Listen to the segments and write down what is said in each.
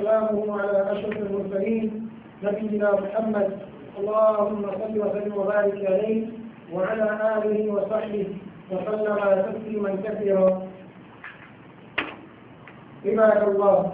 وسلامه على أشرف المرسلين نبينا محمد اللهم صل وسلم وبارك عليه وعلى آله وصحبه وسلم تسليما كثيرا عباد الله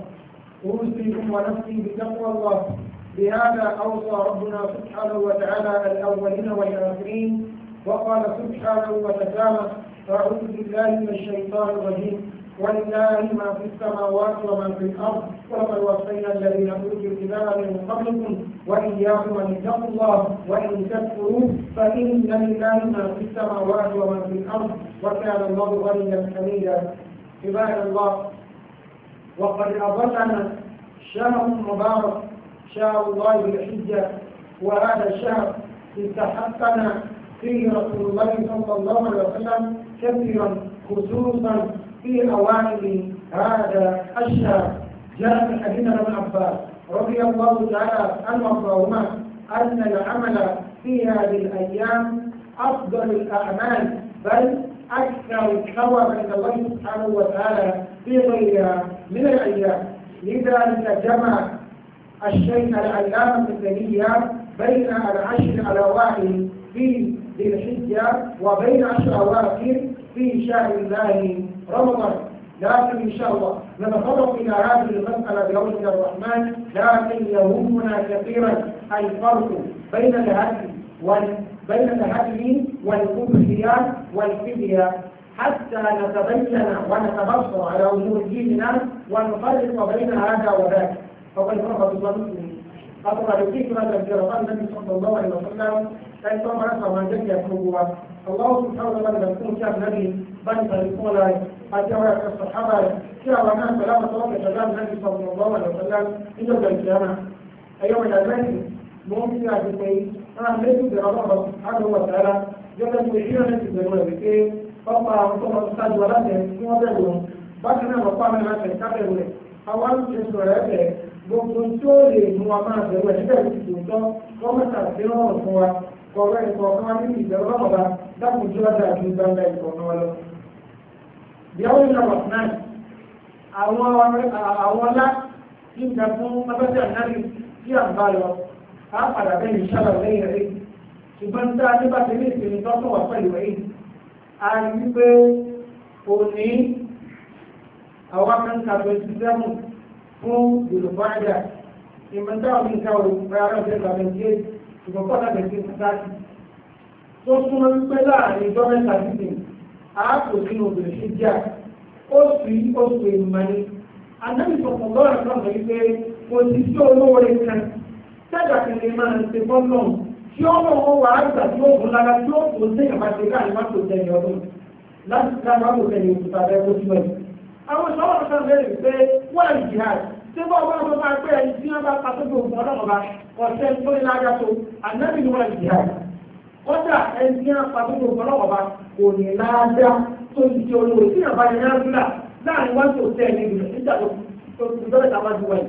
أوصيكم ونفسي بتقوى الله بهذا أوصى ربنا سبحانه وتعالى الأولين والآخرين وقال سبحانه وتعالى أعوذ بالله من الشيطان الرجيم ولله ما في السماوات وما في الأرض ولقد وصينا الذين أوتوا الكتاب من قبلكم وإياكم أن اتقوا الله وإن تكفروا فإن لله ما في السماوات وما في الأرض وكان الله غنيا حميدا عباد الله وقد اضلنا شهر مبارك شهر الله بالحجة وهذا الشهر استحقنا فيه رسول الله صلى الله عليه وسلم كثيرا خصوصا في أوائل هذا الشهر جاء من حديث ابن عباس رضي الله تعالى عنه وارضاهما أن العمل في هذه الأيام أفضل الأعمال بل أكثر ثوابا عند الله سبحانه وتعالى في غيرها من الأيام لذلك جمع الشيخ العلامة الدنيا بين العشر الأواخر في ذي الحجة وبين عشر أواخر في شهر الله رمضان لكن إن شاء الله نتطرق إلى هذه المسألة بعون الرحمن لكن يهمنا كثيرا الفرق بين الهدي وال... بين الهدي والكبريات والفدية حتى نتبين ونتبصر على وجوه ديننا ونفرق بين هذا وذاك فقد فرق الله مسلمين أطلع الفكرة تذكر النبي صلى الله عليه وسلم أن ما جاء تجد الله سبحانه وتعالى يكون كان نبي بل فليكون àtàwọn ẹ̀ka sàhábà rẹ̀ kí àwọn náà pẹ̀lú àwọn tọ́wọ́ kẹta láti láti sọ ọmọ ọgbọ́n wà lọ́sọ́lá níjọ́ gbẹ̀ǹkì àmà ẹ̀yọ́ wọ̀nyà lẹ́yìn mọ́ ń fi àti pé ara méjì bẹ̀rẹ̀ ọlọ́rọ̀ àgbẹ̀ wọ̀ sára yọ́tọ̀ pé kí wọ́n ti bẹ̀rẹ̀ rẹ̀ pé ọ̀pá àwọn tó wọn sáájú aláṣẹ kí wọ́n bẹ̀rù wọn bákan náà wọ́pá mi láṣẹ kábẹ̀rù rẹ̀ àwọn àlùfẹ́ sọ̀rọ̀ ẹ̀ bẹ̀rẹ̀ gbogbo tí ó lè mú wa máa bẹ̀rù ẹ̀ níbẹ̀ ti tò tọ́ wọ́n mẹ́ta sí rọrùn fún wa kọ̀ọ̀rọ̀ ẹ̀kọ́ kan wá nínú ìbẹ̀rù ọlọ́mọba dákùnjú ọjà àti ìgbàgbà ìkọ̀ọ̀kan wa lọ yàwó ìlà rahman àwọn ọlá tí ń bẹ fún abẹ́sẹ̀ ànábì tí à ń bá lọ á padà bẹ́ẹ̀ ìṣàlọ̀ lẹ́yìn rẹ̀ ṣùgbọ́n tá a ní bá ti ní ìsinmi tó tọ̀ wá pẹ̀lú ẹ̀yìn a rí wípé òní àwọn akẹ́kọ̀ọ́ twenty seven fún yorùbá ìmọ̀ntàwọn ní ìka òru rárá ìjẹ́ ìgbà méjì ṣùgbọ́n kọ́ta àápò kí obìnrin sí díà ó sì ó pè mọ́ni anábìsọ̀kọ̀ lọ́rọ̀ náà sọ wípé kò sí sí olóore kan sẹ́dà kì lè máa ṣe bọ́lọ̀ tí ó mọ̀ ọ́ wà á gbà tí ó kún lára tí ó kún sí ìbáṣe káàní má tó tẹ̀lé ọdún láti ká má tó tẹ̀lé òkúta rẹ̀ ó tún ẹ̀. àwọn ìṣòwò kan bẹ̀rẹ̀ pé wọ́n ń jìhà tí wọ́n bá wọn bá pẹ́ ẹni tí wọ́n bá pàṣẹ gbogbo ọlọ́mọba ọ̀sẹ̀ tó ní lájà tó ànábì ni wọ́n ń jìhà kọ́dà ẹni tí wọ́n pa gbogbo ọlọ́wọ́ bá kò ní láàdá tó ti di olówó tí nàbá yẹn náà fúlà láàrin wá sí òtẹ́ ẹni ìgbìmọ̀ nígbà tó ti dọ́lẹ̀ tá a bá ju wáyé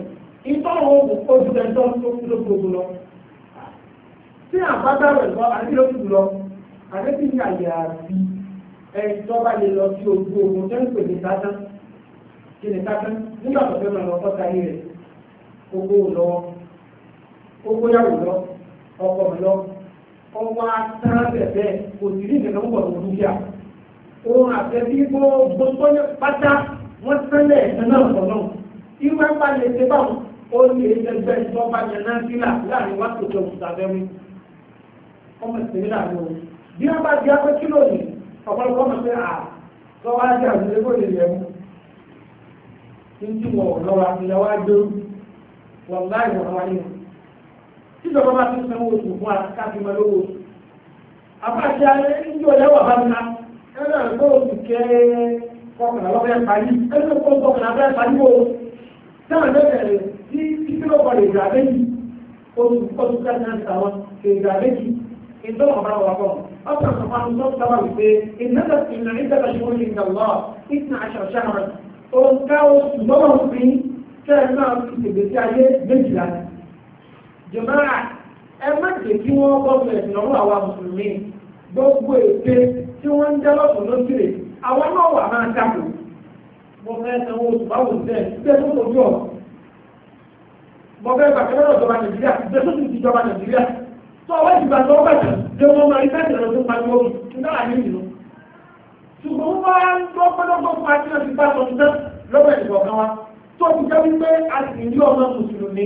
ìtọ́wọ́ oṣù tẹ̀sán tó kú ló gbogbo lọ. tí àbá dáwọ̀ ẹ̀kọ́ àti ló kú lọ àdébí ní àyè àbí ẹ̀tọ́ bá lè lọ sí ojú ogun tó ń pè ní sátán kí ni sátán nígbà tó fẹ́ lọ fọ́ta ayé rẹ̀ owó lọ owó yàwó lọ ọkọ̀ mi lọ ọwọ́ atán bẹ̀bẹ̀ kò sí ní ìgbẹ̀kan púpọ̀ tó dúkìá òun àtẹ́bí gbogbo tó ní pátá wọ́n tẹ́lẹ̀ ẹ̀sán náà pọ̀ náà irú ẹ̀pá lè ṣe báwọn ó ní ẹgbẹ́ ìjọba yẹn náà sílà láàrin wákò tó kù sàbẹ̀wé ọmọ ìsinmi láàrin òun bí wọ́n bá di apẹ́ kílò ní ọ̀pọ̀lọpọ̀ ọmọ pé à sọ wá jẹ́ àwọn ilé bóyá ìyẹn mú ní tí wọn ò lọ́wọ́ àti ìyàwó àjò wọn láì wọ̀n wáyé wọn tíjọba bá ti sanwó oṣù fún wa káfí ma lówó oṣù àbáṣe alẹ́ níjọ lẹ́wà bá nà ẹ̀rọ ẹ̀kọ́ oṣù kẹ́ kọkànlá lọ́fẹ́ parí ẹ̀rọ ẹ̀kọ́ kọkànlá lọ́fẹ́ parí o náà lọ́fẹ́ tí títílọ́kọ̀ lè gbà méjì oṣù oṣù kẹta ń tàwọn lè gbà méjì ìdọ́wọ̀n bá wà bọ̀ ọ̀sán sọ̀kan tó sábà wípé ìnáta ìnà ìdáta ṣe wọ́n ìgbà lọ́ ìtìnà aṣọ ṣáà òǹkà oṣù lọ́wọ́ òfin kẹ́ẹ̀ náà ti tègbè sí ayé jùmọ́ra ẹ má jẹ́ kí wọ́n gbọ́dọ̀ ẹ̀sìn lọ́wọ́ àwa mùsùlùmí gbogbo ète tí wọ́n ń dá lọ́sùn lókèrè àwa náà wà máa dàpọ̀ mo fẹ́ sanwó oṣù báwo sẹ́ bẹ́ẹ̀ tó kojú ọ̀ mo fẹ́ bàtẹ́ lọ́dọ̀ ìjọba nàìjíríà bẹ́ẹ̀ tó ti di ìjọba nàìjíríà tó ọwọ́ ìgbà tó bàtà lé wọn máa rí bẹ́ẹ̀ tẹ̀lé tó pariwo náà ní ìlú ṣùgbọ́n wọ́n máa ń gbọ́ pẹ́lọ́gbọ́ fún àti náà ti bá sọ lọ́wọ́ ìgbọ̀kan wa tó ti jẹ́ wípé a sì ní ọmọ mùsùlùmí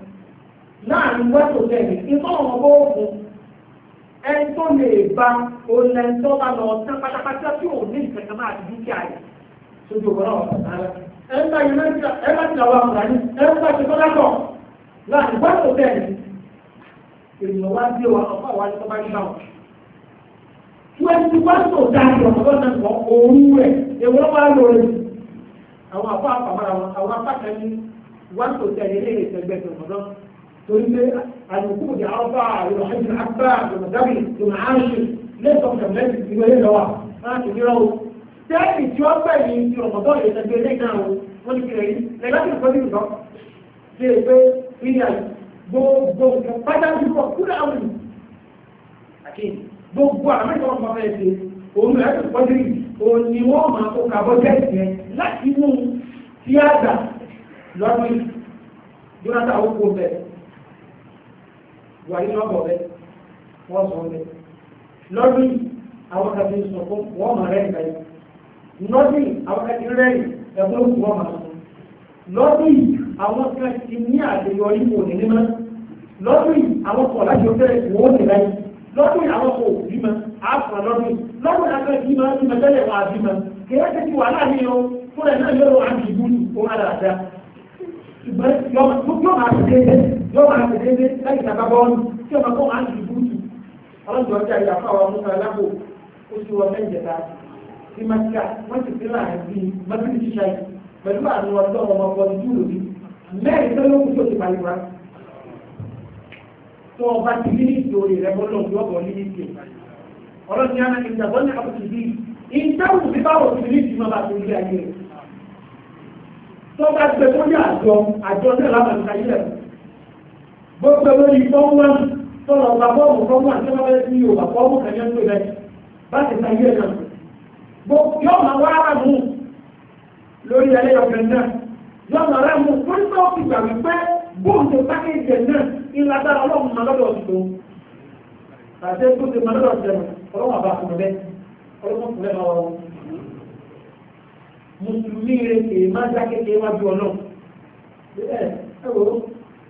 láàrin mọ́tò bẹ́ẹ̀ ìfọ̀rọ̀ ọgbọ́ òkun ẹni tó lè ba olè tó bá lọ tán pátápátá tí ò ní ìkẹ̀kẹ́ máa di dúkìá yìí sójú ọ̀rọ̀ ọ̀tá ẹ̀ ń bá yẹn lẹ́yìn ẹ̀ bá ti àwọn àmàlà ní ẹ̀ ń bá ti tọ́lá kọ̀ láàrin mọ́tò bẹ́ẹ̀ ènìyàn wá dé wa ọ̀pá wa ní tọ́ba nígbà wọn. twenty one to thirty ọ̀pọ̀lọpọ̀ náà kọ òun rẹ̀ èwọ́n wá lórí àwọn àpá àpamọ́ra wọn àwọn apá kan ní one to ten ilé تريد الوقوف في عرفة والحج الأكبر والمدبي والمعاشر ليس مكملات الجبالية لوحدها ما تجيره تاني توبة في رمضان يتجي لنا ونكره لكن الفضيل ده في في gbogbo pátá ti kọ kúrò àwọn ènìyàn gbogbo àwọn ìwọ̀n kan fẹ́ ṣe òun rẹ̀ tó pọ́jú yìí òun ni wọ́n máa kó kàbọ̀ jẹ́sì yẹn láti mú tíátà lọ́dún yìí Jonathan ó kó bẹ̀rẹ̀ wà ní lọ́bọ̀ rẹ̀ wọ́n sọ rẹ̀ lọ́dún àwọn kan ti sọ fún wọ́n mọ̀ rẹ̀ nǹkan yìí lọ́dún àwọn kan ti rẹ̀ ẹ̀kọ́ ló wọ́n mọ̀ lọ́dún àwọn kan ti ní àṣeyọrí kò ní nímọ̀ lọ́dún àwọn kan láti ọ̀fẹ́ wọ́n ní láyé lọ́dún àwọn kan ò bímọ àfọ̀ lọ́dún lọ́dún àwọn kan ti máa yóò máa ṣe déédé láì sábà bọ́ọ̀lù tí ọmọ kó máa ń dùn búùtù ọlọ́dún ọjà ìyá fáwọn ọmọ kan lábò ó ti wọ mẹ́jẹ̀ta sí máṣíkà wọ́n ti fi láàrin bíi mọ́tìrì ṣíṣá yìí pẹ̀lú àrùn ọjọ́ ọmọ ọkọ̀ júlò ní mẹ́rin tó ló kú tó ti pariwa tó ọba ti ní ìṣòro rẹ̀ bọ́ lọ́wọ́ yọ̀bọ̀ ní ìṣe ọlọ́dún yára ìjàbọ̀ ní àbùkù bíi ìdáhùn bí báwo ti ní ìṣúná bá ti rí ayé rẹ̀ tó bá gbẹ tó ní àjọ àjọ náà lábàtúkà gbogbo lórí fọ́nwọ́n tọ́lọ̀ ọ̀gá fọ́ọ̀mù fọ́nwọ́n tí wọ́n bẹ́ẹ̀ sí yorùbá fọ́ọ̀mù kẹjọ tó rẹ̀ láti ta iye kan yóò máa wá ara mú lórí ẹlẹ́yọ̀kẹ́ náà yóò máa rẹ̀ mú fún tó fi gbà wípé bóun ti pákéjì náà ńlá dára ọlọ́run máa lọ́dọ̀ ọ̀dùnkò àti ẹgbẹ́ tó máa lọ́dọ̀ ọ̀dùnkò ọlọ́run àbá fún bẹ́ẹ̀ ọlọ́run fún bẹ́ẹ̀ máa wọ́n mùsùlùmí rẹ̀ kì í má jákèjì wájú ọlọ́run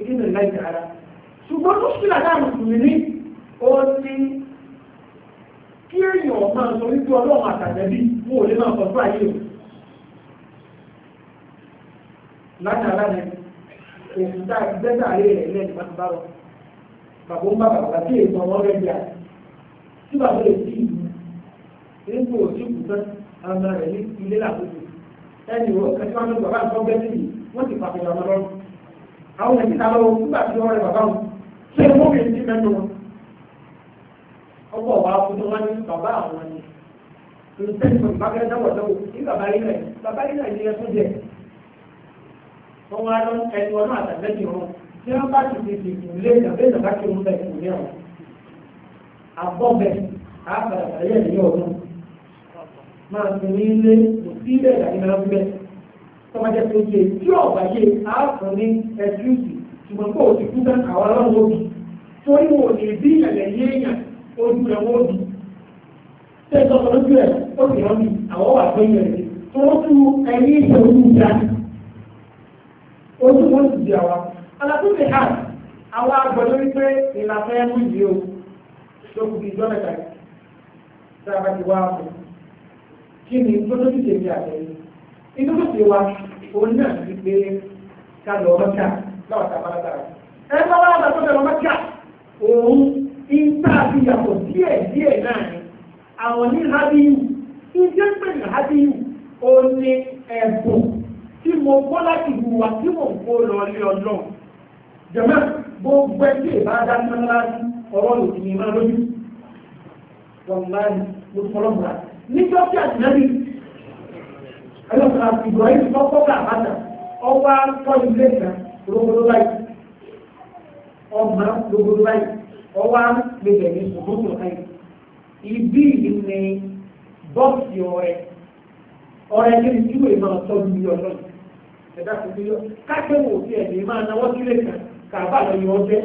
ìdínà láìsí ara ṣùgbọ́n tó ṣílá láàrín ìrìnrí ó ní kí èèyàn máa sọ wípé ọlọ́run àtàgbẹ́bí wọn ò lè máa kọ̀ọ̀tọ́ ayé o látara rẹ èsì tá a gbẹ́sà ayé rẹ̀ lẹ́yìn máa ń bá rọ bàbá ń bá bàbá tí èèyàn wọn rẹ̀ jà tí bàbá rẹ̀ sí ìlú nípò òsì kùtà ọmọ rẹ̀ ní ilé làkókò ẹni ìwọ kẹsíwájú bàbá wọ́n ti pàtó ìyàwó lọ́rùn. àwọn ìta lọ́wọ́ nígbà tí wọ́n rẹ̀ bàbá wọn ṣé wọ́n fi ní mẹ́nu wọn. ọkọ̀ wa fún wọn ní bàbá àwọn ni nítẹ̀sán bákẹ́ dáwọ̀dáwọ̀ ní bàbá bàbá ní ẹ tó jẹ. wọ́n wá lọ ẹni àtàlẹ́jì wọn tí wọ́n bá ti fi kí wọ́n ní ọdún máa fi ní ilé kò sí ilé tọ́mọdé tó yé tí ọ̀gbà yé ààfin ní ẹ̀dúùsì ṣùgbọ́n kó o ti kú tán àwọn ọlọ́run òbí torí wo lè bí ìyàlẹ̀ yéèyàn ojú rẹ̀ wọ́n bí tẹ́ ìtọ́sọ lójú ẹ̀ ó sì rán bí àwọn wà tó yẹ rẹ̀ tó wọ́n tú ẹyí ìṣe ojú ìjà ojú wọn sì di àwa alákùnrin ní hàn àwọn àgbọ̀ lórí pé ìlànà ẹ̀mú yìí o lókùn bíi jọ́mẹ̀ta tí a bá ti wá fún kí ni tó tó ti tèmi àtẹ̀yìn inú tó ti wá òun náà ti pé ká lọ mọ́kà náà ta bá dára ẹ bá wà lọ sọ́dọ̀ mọ́kà òun ìta àti yàtọ̀ díẹ̀ díẹ̀ náà ni àwọn ní hábíyù ìjẹ́ pé ní hábíyù ó ní ẹ̀bùn tí mo kọ́ láti hùwà tí mo kó lọ lé ọlọ́run jẹ̀mẹ́ gbogbo ẹgbẹ́ ìbáradá ní mọ́láṣí ọ̀rọ̀ òdì ní ìmọ̀ lójú wọ́n máa ń lo fọlọ́mùrà nígbà tí àtìlẹ́yìn ẹlọ́pàá ìgbọ̀nyí ti kọ́kọ́ bá àbáta ọwọ́ akọ́ ilé kan lóbodó báyìí ọmọ lóbodó báyìí ọwọ́ àgbẹ̀bẹ̀ ní sòkòtò báyìí ibi ìní bọ́ọ̀sì ọ̀rẹ́ ọ̀rẹ́ ní ìdíwò ìmọ̀ ọ̀tọ́ ní ọ̀tọ́ ẹ̀dá kò ní yọ káṣẹ́ wò sí ẹ̀mí máa náwó sílé kan kàbá lọ yọ ọjẹ́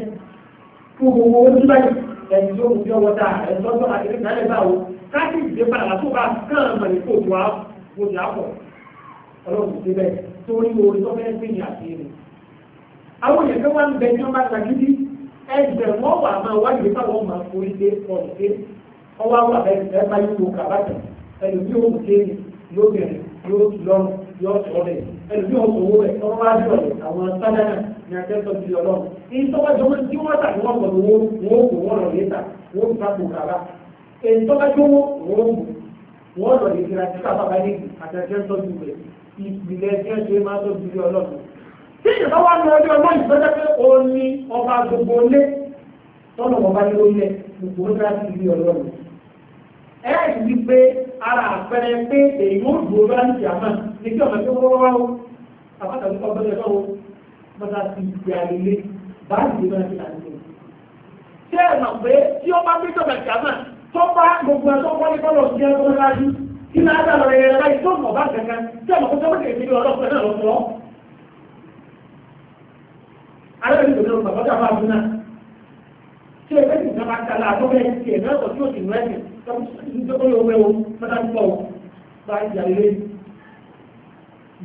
fún gbogbo owó tí báyìí ẹ̀yìn yóò fi ọwọ́ dáa ẹ̀sọ́jọ́ àti ẹ̀dá ọlọ́run ṣe bẹ́ẹ̀ torí orí tó fẹ́ gbé ní àṣírí. àwọn èèyàn kan wá ń bẹ ní ọba tàgídí ẹgbẹ́ wọn wà máa wáyé báwọn máa forí dé ọ̀rọ̀ dé ọwọ́ àwọn àbẹ̀rẹ̀ ẹ bá yíwo kàbàtà ẹlòmí òun ṣe é yóò bẹ̀rẹ̀ yóò lọ́rùn yóò sọ rẹ̀ ẹlòmí òun owó rẹ̀ ọwọ́ wá dùn ọ̀rẹ́ àwọn sádánà ní akẹ́kọ̀ọ́ ti ọlọ́run èyí tó wájú wọn tí wọ́n tàbí wọ́n pọ̀lú owó wọn kò wọ́n lọ létà wọn kò sápò kàrà èyí tó wájú wọn wọn lọ lè fi ra títà bàbá yìí àti akẹ́kọ̀ọ́ ti rẹ̀ ìpìlẹ̀ ẹgbẹ́ ṣe máa tó bí ọlọ́run tí ìjọba wà ní ọjọ́ ọmọ ìgbẹ́jẹ́ pé ó ní ọba gbogbo lé tọ́nà ọba ní orílẹ̀ gbogbo ó dára sí ilé ọlọ́run ẹ ẹ̀ ti pé ara àpẹẹrẹ pé èyí ó dùn ọba ní ìyàmá ní kí ọmọ tó wọ́wọ́ wáwó àpáta ní ọba tó wọ́wọ́ bọ́ta ti ìgbé àlélé báyìí ló máa ti àlélé tí ẹ̀ mọ̀ pé tí ọba tó ìjọba ilé ajá lọ rẹ̀ láì tó mọ̀ bá kankan tí ọmọ kọ́kọ́ mọ́tẹ̀ ìdílé ọlọ́pẹ́ náà lọ́pọ̀ alábẹ̀rẹ̀ tó lọ́pọ̀ ọjà máa bú tí ẹgbẹ́ tí ìjọba kala àtọ́fẹ́ ti ẹ̀ náà tí ó sì rẹ̀ ẹ̀ tó yọ owó mẹ́ta ń pọ̀ bá ìjà ilé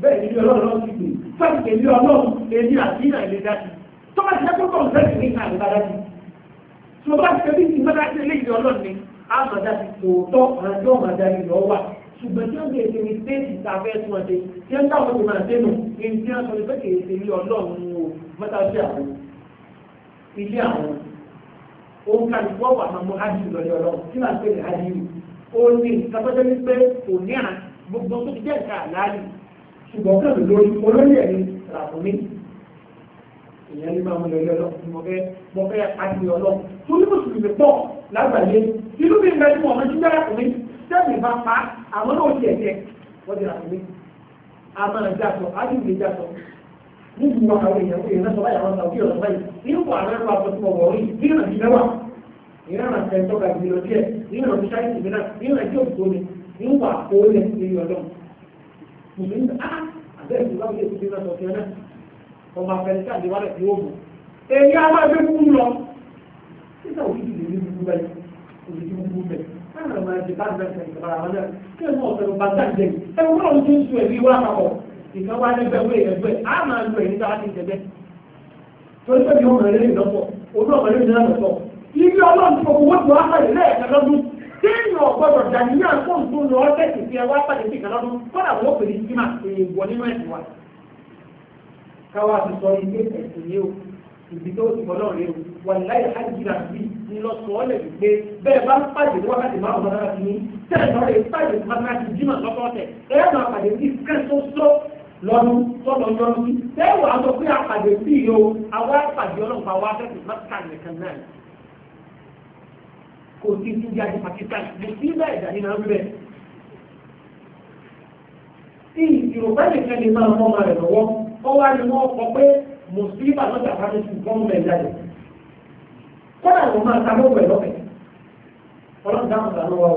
bẹ́ẹ̀ ìdílé ọlọ́run ti gbè fáìlì àmàdá ti tòótọ́ àjọ àmàdá ìlọ wà ṣùgbọ́n tí wọ́n lè ṣe ní stéèjì tá a fẹ́ tún ọ ṣe tí wọ́n dáwọn tó máa dénú ní tí wọ́n sọ ní pẹ́kẹ́ ṣe ní ọlọ́run o mọ́tà sí àwọn ilé àwọn òun kàlùkọ́ wà máa mú ájú lọ́lẹ́ ọlọ́run tí màá pè ní ájú ó ní ìtàkọ́jọ́ ní pé kò ní à gbogbo tó ti jẹ́ nǹkan àlàyé ṣùgbọ́n kàn lórí olórí ẹ̀ ní ràbùnmí ìyẹn ní máa mú lọ́lẹ́ ọlọ́run mo ìlú mi bẹ tí wọn ti dára sẹ́mi bá pa àwọn náà ti ẹ̀jẹ̀ wọ́n ti rà kùnmí àmọ́ ẹ̀jẹ̀ àtọ̀ àdìgbò ẹ̀jẹ̀ àtọ̀ níbi wọn àwọn èèyàn kò yẹn náà sọ báyìí àwọn kí ọ̀sán báyìí nínú àwọn ẹ̀rọ àtọ̀ tí wọ́n wọ̀ rí bí ìrìn àti mẹ́wàá ìrìn àti ẹ̀tọ́ ga ìgbìlọ díẹ̀ ìrìn àti sáyé ìgbìlọ náà ìrìn àti òkú omi níwọ̀n wà kó lẹ̀ sí ọdún. mùsùlùmí á àbẹ́ ìlú bá wọlé ìlú náà ti lè ní gbogbo olùdókòwò Ibi ọlọ́run tó kọ wọ́n tó wá pàdé lẹ́ẹ̀kan lọ́dún. Téèyàn ọ̀gbọ́dọ̀ dàníyàn tó ń lọ ọ́sẹ̀ fi ẹwà pàdé sí ìkànnọ́dún kọ́dà wọ́n pè ní jimá èèwọ̀ nínú ẹ̀sìn wa. Káwá ti sọ ilé ẹ̀sìn yìí ńlọsọ̀ọ́lẹ̀ wípé bẹ́ẹ̀ bá ń pàdé ní wákàtí márùn ún wákàtí ní tẹ́lẹ̀ náà lè pàdé ní wákàtí jímọ̀ lọ́tọ̀ọ̀tẹ̀ ẹ máa pàdé ní kẹ́sọ́sọ́ lọ́dún tọ́lọ́ lọ́dún sí bẹ́ẹ̀ wà á sọ pé àpàdé sí i o àwa pàdé ọlọ́pàá wa fẹ́ẹ́ Pakistan nìkan náà kò sí sí di àti Pakistan kò sí bẹ́ẹ̀ dání náà bẹ́ẹ̀ tí Yorùbá nìkan ni máa mọ́ ọmọ rẹ̀ lọ́wọ́ ọ wá ní wọ́n kọ pé mùsùlùmí àtọ́jà pàtó ti gbọ́n mẹ́ta yìí kọ́dà kò máa ta mọ́wọ́ lọ́fẹ̀ẹ́ ọlọ́run dáhùn ta o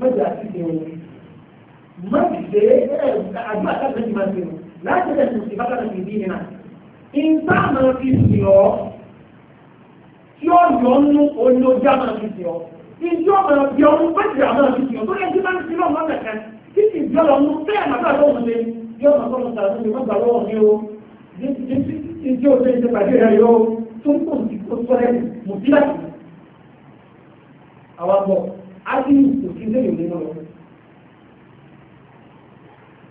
mẹ́jọ àti ṣe o ṣe é àdúrà káfíńtì ti máa ṣe o láti ṣe ṣe bá káfíńtì ti bí nínà ìgbà máa fi sì ọ́ tí ó yọ nú olójà máa fi sì ọ́ ìjọ máa fi ọ́ mẹ́jọ máa fi sì ọ́ tó yẹ kí máa ń fi lọ́ mọ́ kẹ̀kẹ́ kí sì jọ lọ mú bẹ́ẹ̀ màtà lọ́wọ́ ṣe yọ màtà lọ́wọ́ ṣe mọ́tà lọ́wọ́ mi o ìjọ òṣèlú ti pàdé rẹ̀ yọ tó ń tòun ti kó sọ́rẹ́ mọ̀ sílẹ̀ àwọn àbọ̀ á sì ń kò sí lẹ́yìn nínú lọ.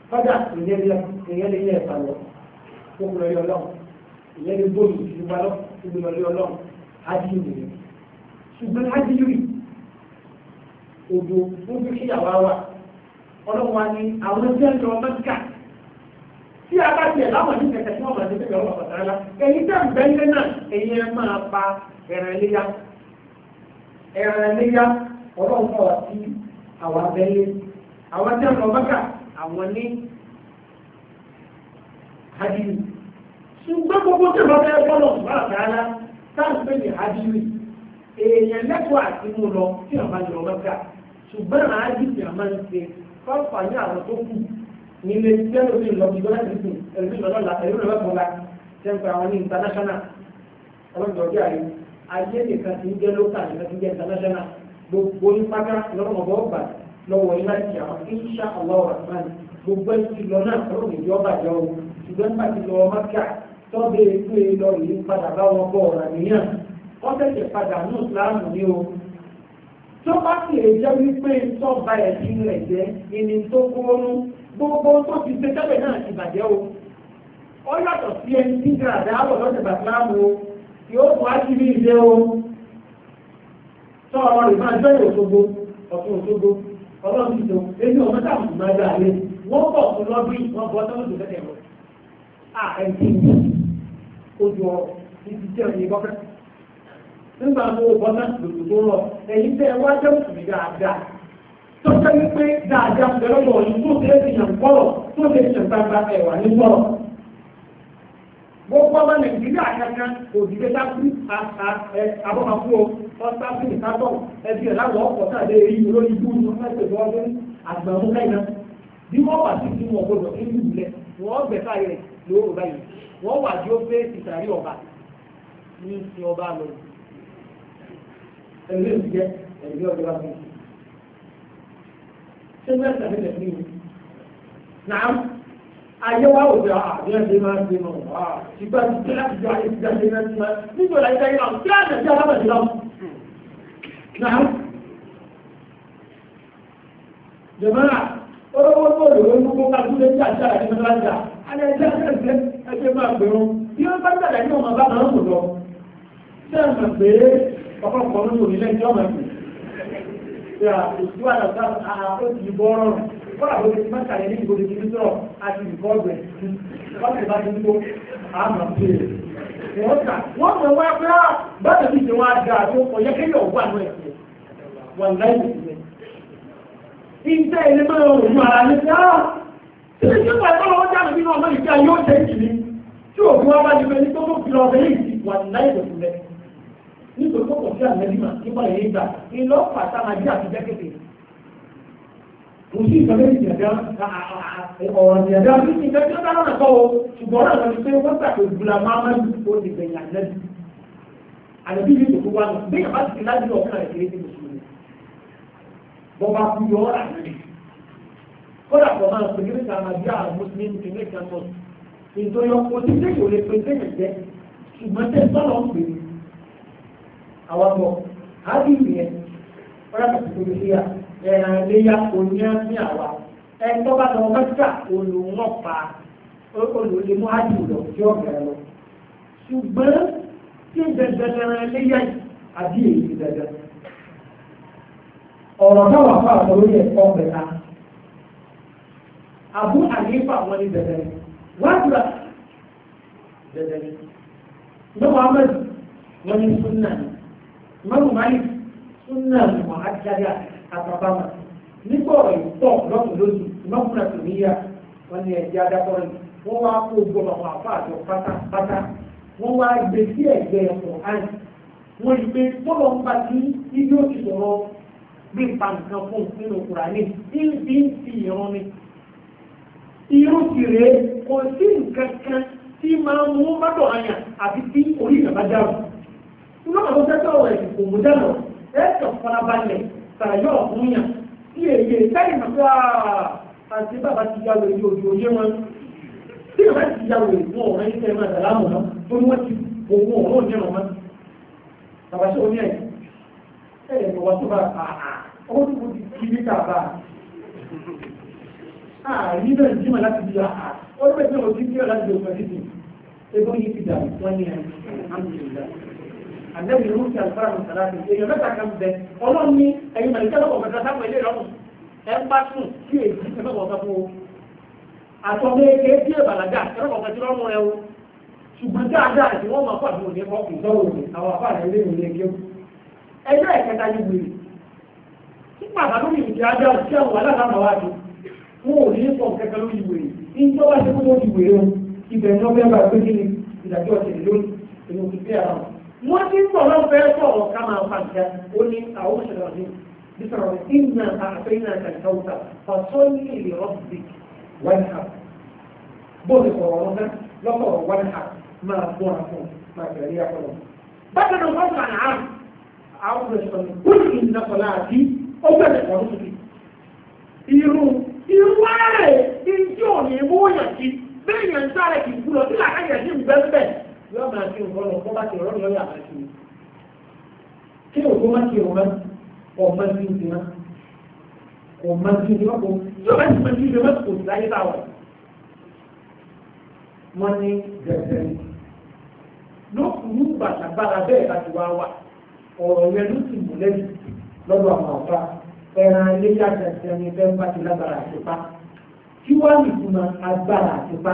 Fọ́jà ìyẹn lè yẹ ẹ̀fà lọ, kó kúrò yọ lọ́wọ́, ìyẹn lè bóyú ìdúgba lọ, ìgbìmọ̀ lọ lọ́wọ́, á dì í nìyẹn. Ṣùgbọ́n á dì í rí òjò fún fífi àwa Ọlọ́run wa ni àwọn ẹgbẹ́ ìjọba Mẹ́tíkà tí a bá tiẹ̀ láwọn ní kẹ̀kẹ́ tí wọ́n máa débi ọ̀rọ̀ ọ̀tàrà ẹ̀yin tẹ̀ ń bẹ́ńlẹ̀ náà ẹ̀yin ẹ̀ máa pa ẹ̀rẹ̀ léyà ẹ̀rẹ̀ léyà sí àwọn abẹ́lé àwọn tí a lọ bákà àwọn ní hadiyu ṣùgbọ́n gbogbo tí wọ́n fẹ́ bọ́lọ̀ ṣùgbọ́n àtàrà táwọn pè ní hadiyu èèyàn lẹ́kọ̀ọ́ àti mú lọ tí ní ilé iṣẹ́ lórí ìlọ́gbọ̀n láti sìn ẹ̀rọ ìlọ́lọ́la ẹ̀rọ ìlọ́gbọ̀nla ṣe ń pa àwọn ní international ọlọ́dún ọjọ́ àyè ayé nìkan ti ń jẹ́ local nìkan ti ń jẹ́ international gbogbo nípáká lọ́rùn ọ̀bọ̀ ọ̀gbà lọ́wọ́ yín láti àwọn insha allah rahman gbogbo ẹni ti lọ náà lọ́rùn ìjọ bàjọ́ o ṣùgbọ́n nípa ti lọ mọ́kà tọ́bẹ̀ ètò ìlọ yìí padà bá wọn bọ̀ ọ̀rà nìyàn wọ́n tẹ̀sẹ̀ padà ní ìsìláàmù ni o tó bá sì lè jẹ́ wípé tọ́ba ẹ̀sìn rẹ̀ jẹ́ ìní tó kúrò gbogbo tó ti ṣe tẹ́lẹ̀ náà ti bàjẹ́ o Ọ yàtọ̀ sí ẹni tí ń ra àdáwọ̀ lọ́sẹ̀ o yóò fún ájúlé ilé o tọ́ rẹ̀ máa jẹ́ òṣogbo ọ̀tún òṣogbo ọlọ́run gbà lé wọ́n bọ̀ fún wọn bọ́ tẹ́tẹ̀ a ẹni tí ń bọ̀ ọ̀nà nígbà o bọ́ tó ẹ̀yin tẹ́ ẹ tó jẹ́ wípé dáadáa pẹ̀lú ọ̀yìn tó ṣe é ṣèyàn gbọ́rọ̀ tó ṣe ṣe gbangba ẹ̀wà ní gbọ́rọ̀. gbogbo ọmọ nàìjíríà kankan òdìdé sáfù abọ́mọ̀kú o ọ̀sán fún ìsátọ̀ ẹbí ẹ̀ láwọ̀ ọ̀pọ̀ sáàdé èyí olórí ibú ní ọ̀sẹ̀ tó ọdún àgbàmú kẹ́yìn bí wọ́n wà sí fún ọgbọ́dọ̀ nínú ìbílẹ̀ wọ́n gbẹ̀fà rẹ̀ lóòrò báyìí wọ́n wà dúró pé ìsàrí ọba ní ti ọba lọ. ẹ̀rí òṣìṣẹ́ ẹ̀rí ọ̀dọ́ wa fún un ṣé mẹ́ta ní lè nàá ayé òjò àbíyá máa ń ṣe mọ̀ wá ṣùgbọ́n tí a lè jẹ́ alábàjẹ́ lọ. àti mẹ́tàlájà alẹ́ ẹ̀jẹ̀ ẹ̀jẹ̀ máa gbẹ̀rún bí wọ́n bá tẹ̀lé ní ọmọ bá máa ń kò lọ. sẹ́ẹ̀ mọ̀ pé ọ̀pọ̀lọpọ̀ ló ń lò nílẹ̀ ìjọba ìpè ìjú àdàtà àkókò ìbọrọ kọ́lá bó ti máa kàlẹ́ ní ìgbòdì kìí sọ̀rọ̀ àti ìbọ̀gbẹ̀ kọ́lá ìbá ti dúró àmà pé wọ́n kà wọ́n mọ̀ wá pé á bàtà mi ti wá dà tó ọ̀yẹ́ kéèyàn wà ní ẹ̀sìn wọn láì sí ìtẹ́ ilé máa ń ròyìn ara ní pé á ah, tí ìjọba ìbọ̀lọ́wọ́ jáde nínú ọmọ ìjà yóò jẹ́ ìjì mi tí òfin wa bá ti fẹ́ ní tó tó fi lọ nítorí tó kọ̀ sí àmẹ́bímà nípa ìyẹn ìgbà ìlọ́ pàtàkì àti jẹ́kẹ̀tẹ̀. kò sí ìgbà méjì ìjàdá ọ̀rọ̀ ìjàdá bí ìjàdá ó dáná nà o ṣùgbọ́n náà lọ sí pé wọ́n gbà pé gbùlà máa máa ń kó ìgbẹ̀yìn àjẹ́bí. àjẹ́bí ní ìtòkó wa nù bí yàrá ti lájú ọ̀kan rẹ̀ kéré sí mùsùlùmí. bọ́ba kú yọ ọ́ àjẹ́bí. kódà kọ́ máa pè nígbà àwọn ọmọ àbí ìyẹn wọ́n yàtọ̀ sí torí sí à ẹ̀ràn iléyà oníyàn ní àwa ẹni tó bá lọ mẹ́ta olùwọ́n pa olùlé mú àjù lọ sí ọ̀gẹ̀rẹ̀ lọ ṣùgbọ́n tí dandan ẹ̀ràn iléyà àbí èyí dandan ọ̀rọ̀ náà wà fún àwọn olóyè ẹ̀kọ́ mẹ́ta àbú àlééfà wọn ní dandan wájúra dandan ní. Ní Muhammad wọ́n ní Súnà ìmọ̀rún malik súnà mọ̀ ájáde àtàbámà nípa ọ̀rọ̀ ìtọ̀ lọ́kùn lójú ìmọ̀kùnrin àtòmíyà wọn ni ẹ̀jẹ̀ adákọ́rọ̀ yìí wọ́n wá kó gbọ́dọ̀ àwọn àfa àjọ pátápátá wọ́n wá gbé sí ẹ̀gbẹ́ ẹ̀kọ́ àn wọ́n rí pé tọ́lọ̀ ń bá ti ibi ó ti sọ̀rọ̀ bí pa nǹkan fún nínú kùránì ní bí ń fi ìran ni irú ti rèé kò sí nǹkan kan tí máa mú bá dọ̀ àyàn àti tí orí ìjọba dáhùn inú àwọn tẹ́tẹ́ ọ̀rọ̀ ìdìbò mú dẹ́nà ẹ̀ẹ́dọ̀ farabalẹ̀ tàyọ̀ tí èyí sẹ́yìn àti ah, àti bàbá ti yàwó èyí òjò òjò wọn tí bàbá ti yàwó èyí fún ọ̀rọ̀ ìṣẹ́ máa dà láàmú náà tó ní wọ́n ti gbogbo ọ̀rọ̀ òjò náà mọ́ bàbá ṣe oní ẹ̀ ẹ̀yẹ̀ bàbá tó bá ọwọ́ tó kò ti kí ní kàbá ah, ààrí náà jímọ̀ láti di àà ọdún bẹ́ẹ̀ tí wọ́n ti kí ọ̀ láti di òfin títì ẹgbẹ́ ti dà wọ́n ní ẹ̀ àlẹ́bí ló ń fi àlùfáà ní sàlámì èèyàn mẹ́ta kan bẹ ọlọ́run ní ẹ̀yin mẹ̀lẹ́kẹ́ lọ́kọ̀ kẹta sápọ̀ ilé ìrọ̀rùn ẹ̀ ń bá sùn sí èyí ẹ̀fẹ́ kọ̀ọ̀kan fún o àtọ̀mọ́ eke bí ìbàlágà ẹ̀fẹ́ kọ̀ọ̀kan tí wọ́n mú ẹ o ṣùgbọ́n dáadáa tí wọ́n máa pàdé òní kọ́ ìdánwò ní àwọn afá rẹ̀ lé nílé ẹgbẹ́ ẹgbẹ́ ẹ̀kẹta ní wèrè nípa àbálòmí ìdí ajá òsì àwọn aláàbáwájú wọn ò ní sọ kẹkẹ lórí wèrè ìjọba ṣe kó lórí wèrè o ibẹ̀ ní ọgbẹ́ bá gbé kí ni ìdájọ́ ọ̀sẹ̀ lórí èyí ò fi fẹ́ ara wọn wọ́n ti ń sọ̀rọ̀ fẹ́ sọ̀rọ̀ ká máa fa ìjà ó ní àwọn ìṣẹ̀lẹ̀ ọ̀dún bísọ̀rọ̀ ìnà àfẹ́yìnà kàkàwùtà ọ̀tọ́ ní ilé ọ̀bì one half bóòlù sọ̀rọ̀ ọ̀nà lọ́kọ̀ọ̀ one half máa bọ́ àfọ̀ máa tẹ̀lé àkọlọ̀. bákan náà wọ́n sàn án àwọn ìṣẹ̀lẹ̀ kúrò ìnà sọ̀lá àti ọgbẹ̀rẹ̀ ọ̀rọ̀ yóò máa fi nǹkan lọ kó bá ti rọrùn lọ́yà máa fi kí ni òkú má ti rọ máa ọmọ ti ń sinmi ọmọ ti ń lọ́kọ yóò bá ti máa ti rọ máa kò sí láyé táwọn. wọ́n ní gẹ̀gẹ̀ ni lókùnrin gbàtàgbára bẹ́ẹ̀ láti wá wà ọ̀rọ̀ yẹn ló sì mú lẹ́yìn lọ́dọ̀ àwọn ọ̀fà ẹran iléyà gẹ̀gẹ̀ ni bẹ́ẹ̀ bá ti lágbára àtìpá kí wàá nìkùnà agbára àtìpá.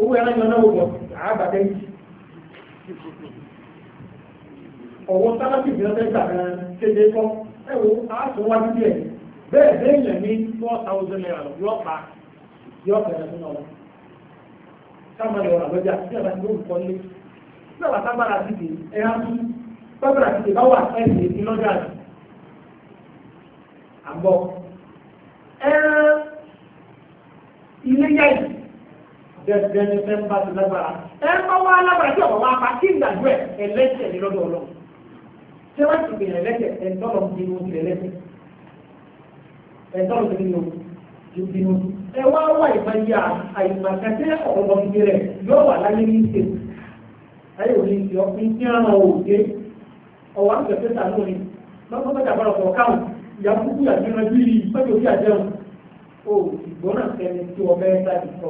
owó ẹran yọ náà wọ̀ àbàtẹ́ yìí ọ̀wọ́ sálábì bí wọ́n fẹ́ gbà gan kéde kọ́ ẹ wo aṣọ wájú díẹ̀ bẹ́ẹ̀ lẹ́yìn ní four naira yọ pa yọ fún ọ̀rọ̀ sáwọn ẹ̀rọ àlọ́jà bí ọ̀la ti lóòrùn kọ́lé bí ọ̀la sábàrà ti dè ẹ̀ á tún sábàrà ti dè bá wà ẹ̀sìn èdè lọ́jà rẹ̀ àbọ̀ ẹran ilé yá dẹ́gbẹ́ ní sẹ́ńbà ti lágbára ẹ ń bá wá lágbára tí ọ̀pọ̀ wá pa kí n dàgbẹ́ ẹlẹ́sẹ̀ ní lọ́dọ̀ ọlọ́run ṣé wọ́n ti gbìyànjú ẹlẹ́sẹ̀ ẹ̀ńtọ́lọ́ ti mú ti ẹlẹ́sẹ̀ ẹ̀ńtọ́lọ́ ti mú ti ti mú ẹ wá wá ìmọ̀ya àyùmọ̀kẹ́tẹ́ ọ̀pọ̀lọpọ̀ ti rẹ̀ yóò wà láyé ní ìṣe ayé òní ti ọkùnrin tí ara òde ọwọ́ àgbẹ̀fẹ́ sàánú ni lọ́kọ́ bẹ́ẹ̀ àbára ọ̀pọ̀ káwọn ìyá kúkú àjẹmọ́ bíi pẹ́ẹ́tì òbí àjẹmọ́ o ìgbóná sẹ́ni tí ọbẹ̀ sáà ti sọ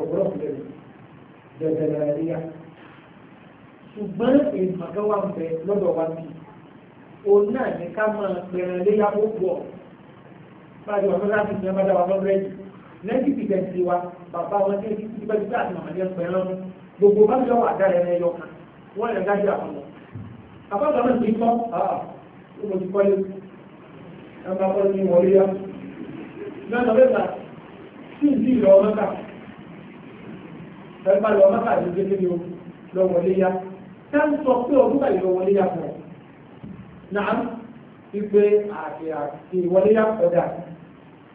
jẹjẹrẹríà ṣùgbọ́n èèmọ̀ kan wà ń bẹ lọ́dọ̀ wa bí òun náà ní ká máa pẹ̀rẹ̀ léyà ó pọ̀ báyọ̀ ọ̀dọ́ láti fi ọmọdé wa lọ́dọ̀ ẹ̀jẹ̀ lẹ́yìn ìpìlẹ̀sì wa bàbá wọn ní ibi tí bẹ́ẹ̀ àti màmá ní ẹ̀pẹ̀ lọ́nu gbogbo bá yọ wà dára ẹ̀rẹ́ yọ kan wọ́n lè dájú àwọn ọmọ àbábọ̀ náà ti bẹ́ẹ̀ lọ gbé lọ wọlé ya tá sọ pé ọdún báyìí lọ wọlé ya fún náà wípé àti àti wọlé ya ọ̀dà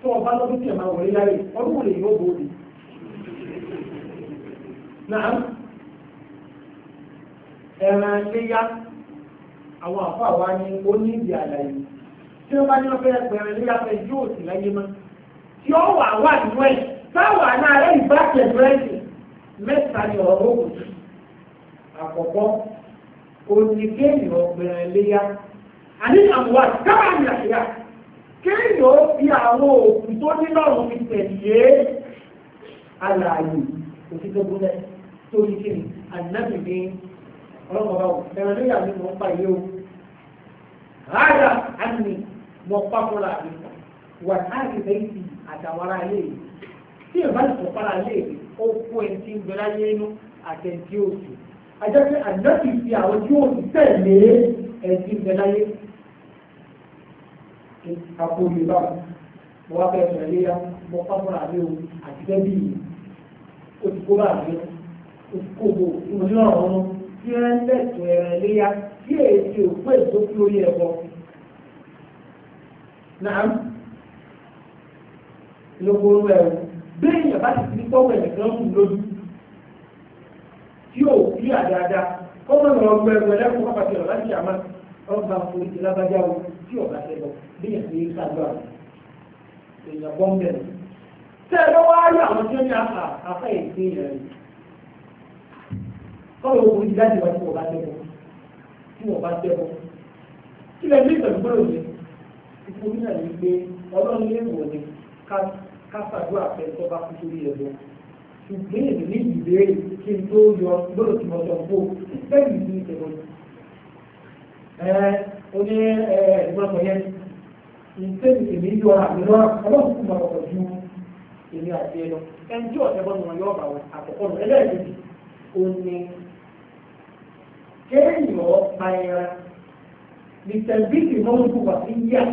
tó ọba lọ́dún tí ẹ̀ máa wọlé ya rè ọdún wọlé yóò náà àwọn àfọ àwa ni ó ní ìdí àlàyé tí bá ní yóò sì láyé tí ó wà wà nínú mẹ́ta ni ọ̀rọ̀ òkùnkùn àkọ́kọ́ oníkéèyàn ọgbẹ̀rẹ̀ léyà àní àmúwà dábà ní àṣíyà kéèyàn ó fi àwọn òkú tó ní lọ́rùn fi tẹ̀lé alààyè òtítọ́ gúnlẹ̀ tó ní kí ni ànábì ní ọlọ́mọba ò ẹran léyà ní mọ̀ ń pa ilé o rárá àmì mọ̀ ń pa wà láàrin lẹ́yìn àtàwọn ará ilé yìí tí ìbá ti ilé yìí ó kú ẹni tí ń bẹ láyé inú àtẹ̀ntí òsì ajẹ́ pé ànábì fi àwọn tí ó ti tẹ̀lé ẹni tí ń bẹ láyé àpò yorùbá mo wá bẹ̀rẹ̀ pẹ̀lú yá mo fáwọn àmì o àti bẹ́bí yìí ó ti kó bá àmì ó ti kó bò ó ní ọ̀rọ̀ wọn tí ẹ ń lẹ̀tọ̀ ẹ̀rẹ̀ léyà tí èsì òkú èso kí ó yẹ bọ́. Nàá ló gbóró ẹ̀rọ bẹ́ẹ̀ yẹn ti fi tọ́wọ́ ẹ̀kan mú lójú tí ò fi àdáadáa ó mọ̀ ní ọgbẹ́ ẹgbẹ́ lẹ́kọ̀ọ́ pàpàtì ọ̀la ti àmà ọba fún ìlábàjá o tí ọba ṣe lọ bẹ́ẹ̀ yẹn fi ń sàgbà èèyàn bọ́ ń bẹ̀rẹ̀. tẹ́ ẹ lọ́wọ́ á àwọn tí ó ní àfà àfà èdè yẹn rí kọ́lọ̀ ogun ti dájú wájú ọba tẹ́kọ̀ọ́ tí wọ́n bá tẹ́kọ̀ọ́ kí lẹ́yìn ìgbàgbọ́ kásàdúrà pẹ̀lú tó bá kú sórí ẹ̀bọ ṣùgbọ́n èmi ní ìbéèrè kí n tó yọ lọ́dọ̀ tí mo sọ fún o bẹ́ẹ̀ ni ìṣẹ̀lẹ̀ ẹ̀ ó ní ìgbọ́sọ̀ yẹn ìṣẹ́ni èmi yọ àmì lọ́wọ́ ọlọ́run kò mọ̀ ọ̀pọ̀ ju èmi àti ẹ lọ ẹni tí ọ̀sẹ̀ bọ́nu wọn yọ ọ̀bà wọn àkọ́kọ́ lọ ẹlẹ́ẹ̀kejì ó ní kéèyàn ọ̀pá ẹran ní tẹ̀lifíṣì mọ́tò wà sí yíyá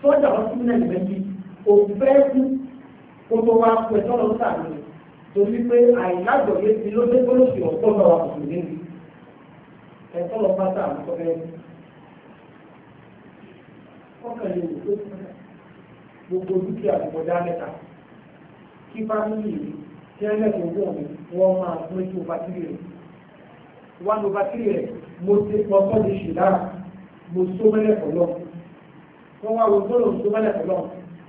sọ́jà ọ̀sùn náà kó tó wá pẹ̀ tọ́lọ̀ ń tàbí torí pé àìlágbọ̀yé ti ló dé gbólóṣì ọ̀pọ̀ náà wà kùtù níbi ẹ̀ tọ́lọ̀ bá tà àmì sọ́fẹ́ ọkàn lè wò tó gbogbo dúkìá ti kọjá mẹ́ta kí fámìlì tí ẹ lẹ́kọ̀ọ́ wọ̀ mí wọ́n máa pín tó bá tìrì rẹ̀ wá ló bá tìrì rẹ̀ mo ti pọ̀ tọ́ lè ṣì lára mo só mẹ́lẹ̀ pọ̀ lọ wọ́n wá wo gbọ́dọ̀ só mẹ́lẹ̀ pọ̀ lọ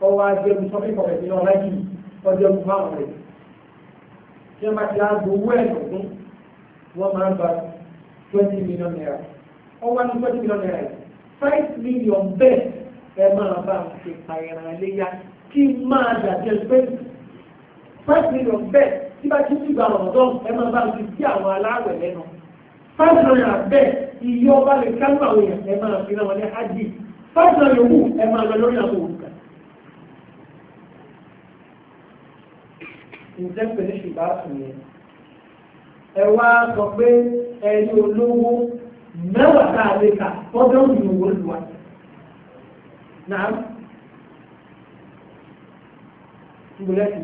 ọwọ́ ajé mi sọ fífọ̀ rẹ̀ tọ́jọ́ fún báwọn rẹ̀ tí wọ́n bá ti á gbowó ẹ̀sùn fún wọ́n máa ń gba twenty million naira ó wá ní twenty million naira yìí five million bẹ́ẹ̀ ẹ máa bá ń ṣe àyẹ̀ràn ẹlẹ́yà kí n máa dàbí ẹgbẹ́ five million bẹ́ẹ̀ tí bá ti ń dìgbà ọ̀dọ́ ẹ máa bá ń fi sí àwọn aláwẹ̀ lẹ́nu five million naira bẹ́ẹ̀ iye ọba lè kálù àwọn èèyàn ẹ máa fi náà wọlé ájì five million yòówù ẹ máa lọ lórí àwọn òbí. ǹjẹ́ pé ní ṣùgbọ́n àtúnyẹn ẹ wá sọ pé ẹni olówó mẹ́wàá tá a lè kà fọ́dọ̀ ìwòwò lù wá náà ìgbòlẹ́sì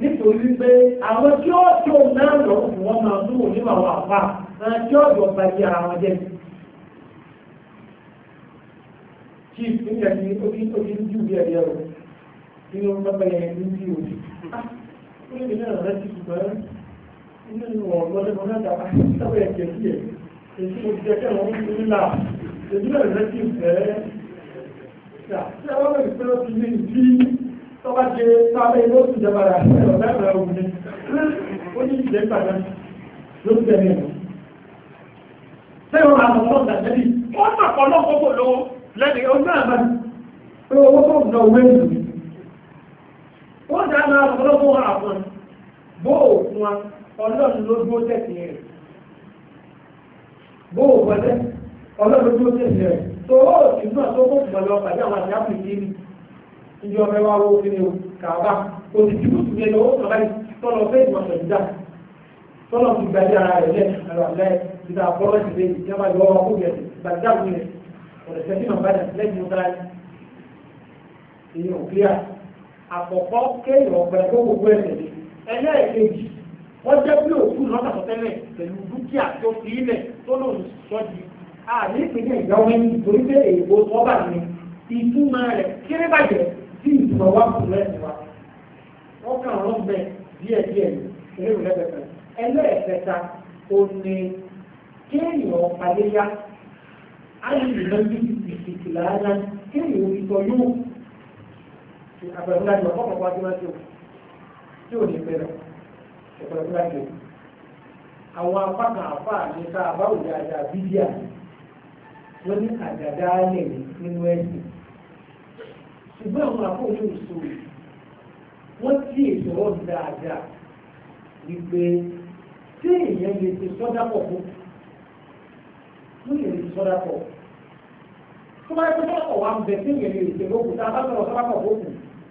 nítorí pé àwọn tí ó tó náà lọ fún wọn máa tún òní àwọn àpá àti ọ̀dọ̀ bàjẹ́ ara wọn jẹ́ chief nígbà tí ó ti ń jù bí ẹ̀yẹ́ o nínú pápá yẹn ní bí òjì ó lè náà rẹ̀ ti ṣùgbọ́n inú ni wọ́n lọ́lẹ́ mọ́ náà dàbá sábẹ́ ẹ̀jẹ̀ sí ẹ̀ èyí mo jẹ́ kẹ́ wọ́n fún nílà èyí náà rẹ̀ ti fẹ́ ṣe àwọn ọmọ ìpínlẹ̀ ti ní ìdí tọ́ba ṣe sábẹ́ ilé oṣù jẹba rà ẹ̀rọ bẹ́ẹ̀ òun ni ó ní ìjẹ́ ìpàdé ló ń tẹ̀lé ẹ̀ sẹ́wọ̀n àwọn ọmọ ìdàgbẹ́lì ó sọ̀kọ́ lọ́kọ́ wọ́n dá máa ọlọ́gbọ́n wọn àfọn bó òfin wa ọlọ́run ló dúró tẹ̀sí rẹ̀ bó òfin ọlọ́run ló dúró tẹ̀sí rẹ̀ tó ó sì náà tó kó pẹ̀lú ọkọ̀ àti àwọn àti áfíríkì ní ìdí ọmọ ẹwà owó kí ni o kàbá òtítí kùtù ní ẹni owó sọ̀rọ̀ yìí tọ́lọ̀ fẹ́ ìmọ̀ sọ̀dídà tọ́lọ̀ fi gbàdí ara rẹ̀ lẹ́ àlọ́ àlẹ́ ìdá àbọ̀rọ̀ ti lé ìjọba ìwọ́ ọkọ̀ yẹn gbàdí àbúrò yẹn ọ̀rẹ́sẹ̀ àkọ́kọ́ kéèyàn ọgbà ẹgbẹ́ gbogbo ẹ̀sẹ̀ ni ẹlẹ́ẹ̀kejì wọ́n jẹ́ bí òkú lọ́sàtọ̀ tẹ́lẹ̀ pẹ̀lú dúkìá tó fi ilẹ̀ tó lòun sọ́jì àní ìpínlẹ̀ ìyáwó ẹni torí pé èèbó ọba ni ìtumọ̀ rẹ̀ kéré bàjẹ́ sí ìtumọ̀ wa kù lẹ́sìn wa wọ́n kàn án bẹ díẹ̀ díẹ̀ ní eré ìrẹ́pẹ̀pẹ̀ ẹlẹ́ẹ̀kẹta ò ní kéèyàn paléyà á yìí lọ́jọ́ ìsìkìlà ara kéèyàn ò àpẹẹrẹ fúlàjì wọn kọ́kọ́ wájú máa tó tí ò ní bẹ̀rẹ̀ ẹ̀pẹ̀rẹ̀ fúlàjì wọn. àwọn apá kan àfà ní ká àbáwò dáadáa bíbíà wọn ní àdàdá lè nínú ẹ̀sìn ṣùgbọ́n àwọn àkóyè òṣòwò wọ́n tí èso wọn dáadáa wípé tí èèyàn lè ti sọ́dá pọ̀ fún lóye lè ti sọ́dá pọ̀ tó bá yẹ kó sọ́dá pọ̀ wá ń bẹ tí èèyàn lè ti sọ́dá pọ̀ fún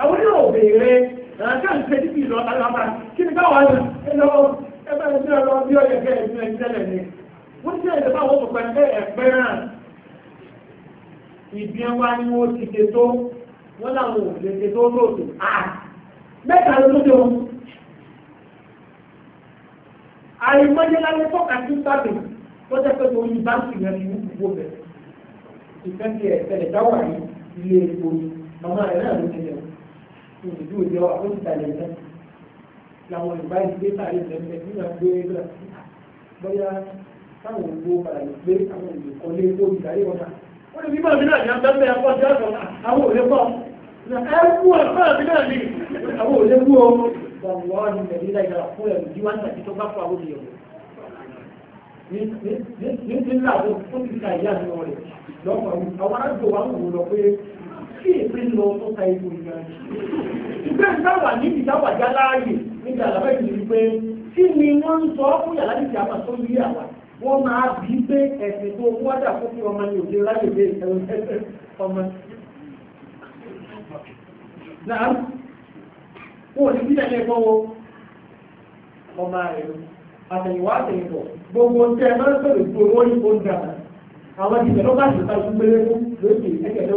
àwọn yóò béèrè ẹ̀ka ń ṣe níbi ìlọ alábà kí ni káwọn àná ẹ lọ ẹ bá ẹ lọ bí ọyẹ bẹ́ẹ̀ ní ẹni tẹ́lẹ̀ ni wọ́n ti ṣe ìdẹ́fà wọ́n pẹ̀lú ẹgbẹ́ ẹgbẹ́ náà ìbí ẹ wá ní wọ́n ti ṣe tó wọ́n làwọn ò lè ṣe tó lóòtù à mẹ́ta ló tó dẹ̀wọ̀n. àìmọye lálẹ́ fọ́ọ̀kà tí ń tàbí tó jẹ́ pé ìfẹ́ ti ẹ̀ tẹ̀lẹ̀ dáwà yìí ilé epo yìí ọmọ rẹ̀ náà ló ti lẹ̀ ní ìdú òde wa ó ti tàlẹ̀ náà làwọn ìgbà ìgbé tàlẹ̀ lẹ́mẹ̀ nígbà gbé náà bóyá táwọn ògbó padà lè gbé àwọn olùkọ́lé tó ìdarí wọn náà. ó lè bíbá mi náà ní abẹ́mẹ́ akọ́jú àgbọ̀n àwọn òde pọ̀ ẹ kú ẹ̀fọ́ àti náà ní àwọn òde kú o. wọ́n ní ẹ̀mí láì dára fún ẹ̀mí jí wá nígbà tí tó bá fún àwọn òde ní ní ní ní láàbò fún ìka ìyá mi wọn rẹ̀ lọ́kọ̀ọ́ àwọn àjò wa ń wò lọ pé sí èpè lọ tó ta ipò ìgbà rẹ̀. ìgbẹ́ ìdáwà ní ìdáwà já láàyè níbi àlàbẹ́ yìí ni kí ni wọ́n ń sọ fún yàrá ìjà àmà tó yí àwà wọ́n máa bí pé ẹ̀sìn tó wádà fún kí ọmọ ní òde láyè dé ẹ̀rọ ọmọ. náà wọn ò ní bílẹ̀ ní ẹ̀kọ́ wo ọmọ rẹ̀ àtẹ̀yìnwá àtẹ̀yìnbọ̀ gbogbo ń ẹ máa ń sọ̀rọ̀ ìgbòho ní oúnjẹ àwọn ìṣẹ̀lọ́gbàṣẹ̀ ta ìgbélé fún lóṣèlú ẹ̀kẹ́ tó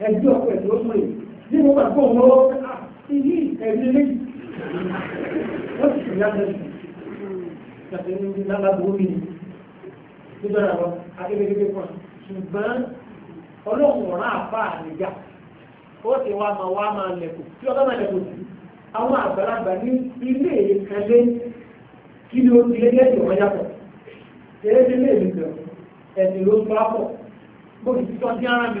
ẹgbẹ́ ọkọ̀ ẹ̀sìn ó mọ̀ yìí ní mo gbà fún ọmọ ìyí ẹ̀rí lé wọ́n ti sùn yára lẹ́sìn ìgbàgbé ní lábàbò mi nígbà àwọn akébékébé kan ṣùgbọ́n ọlọ́run ọ̀rá àpá àlejò ó ti wá máa wá máa lẹ̀kùn tí ọlọ́run máa lẹ̀kùn sí àwọn àgbàlagbà ní ilé ìkẹlẹ́ kí ni ó ti lé lẹ́yìn ọ̀rọ̀ yàtọ̀ eré ilé ìlú ẹ̀sìn ló ń bá pọ̀ mo sì ti sọ sí ara mi.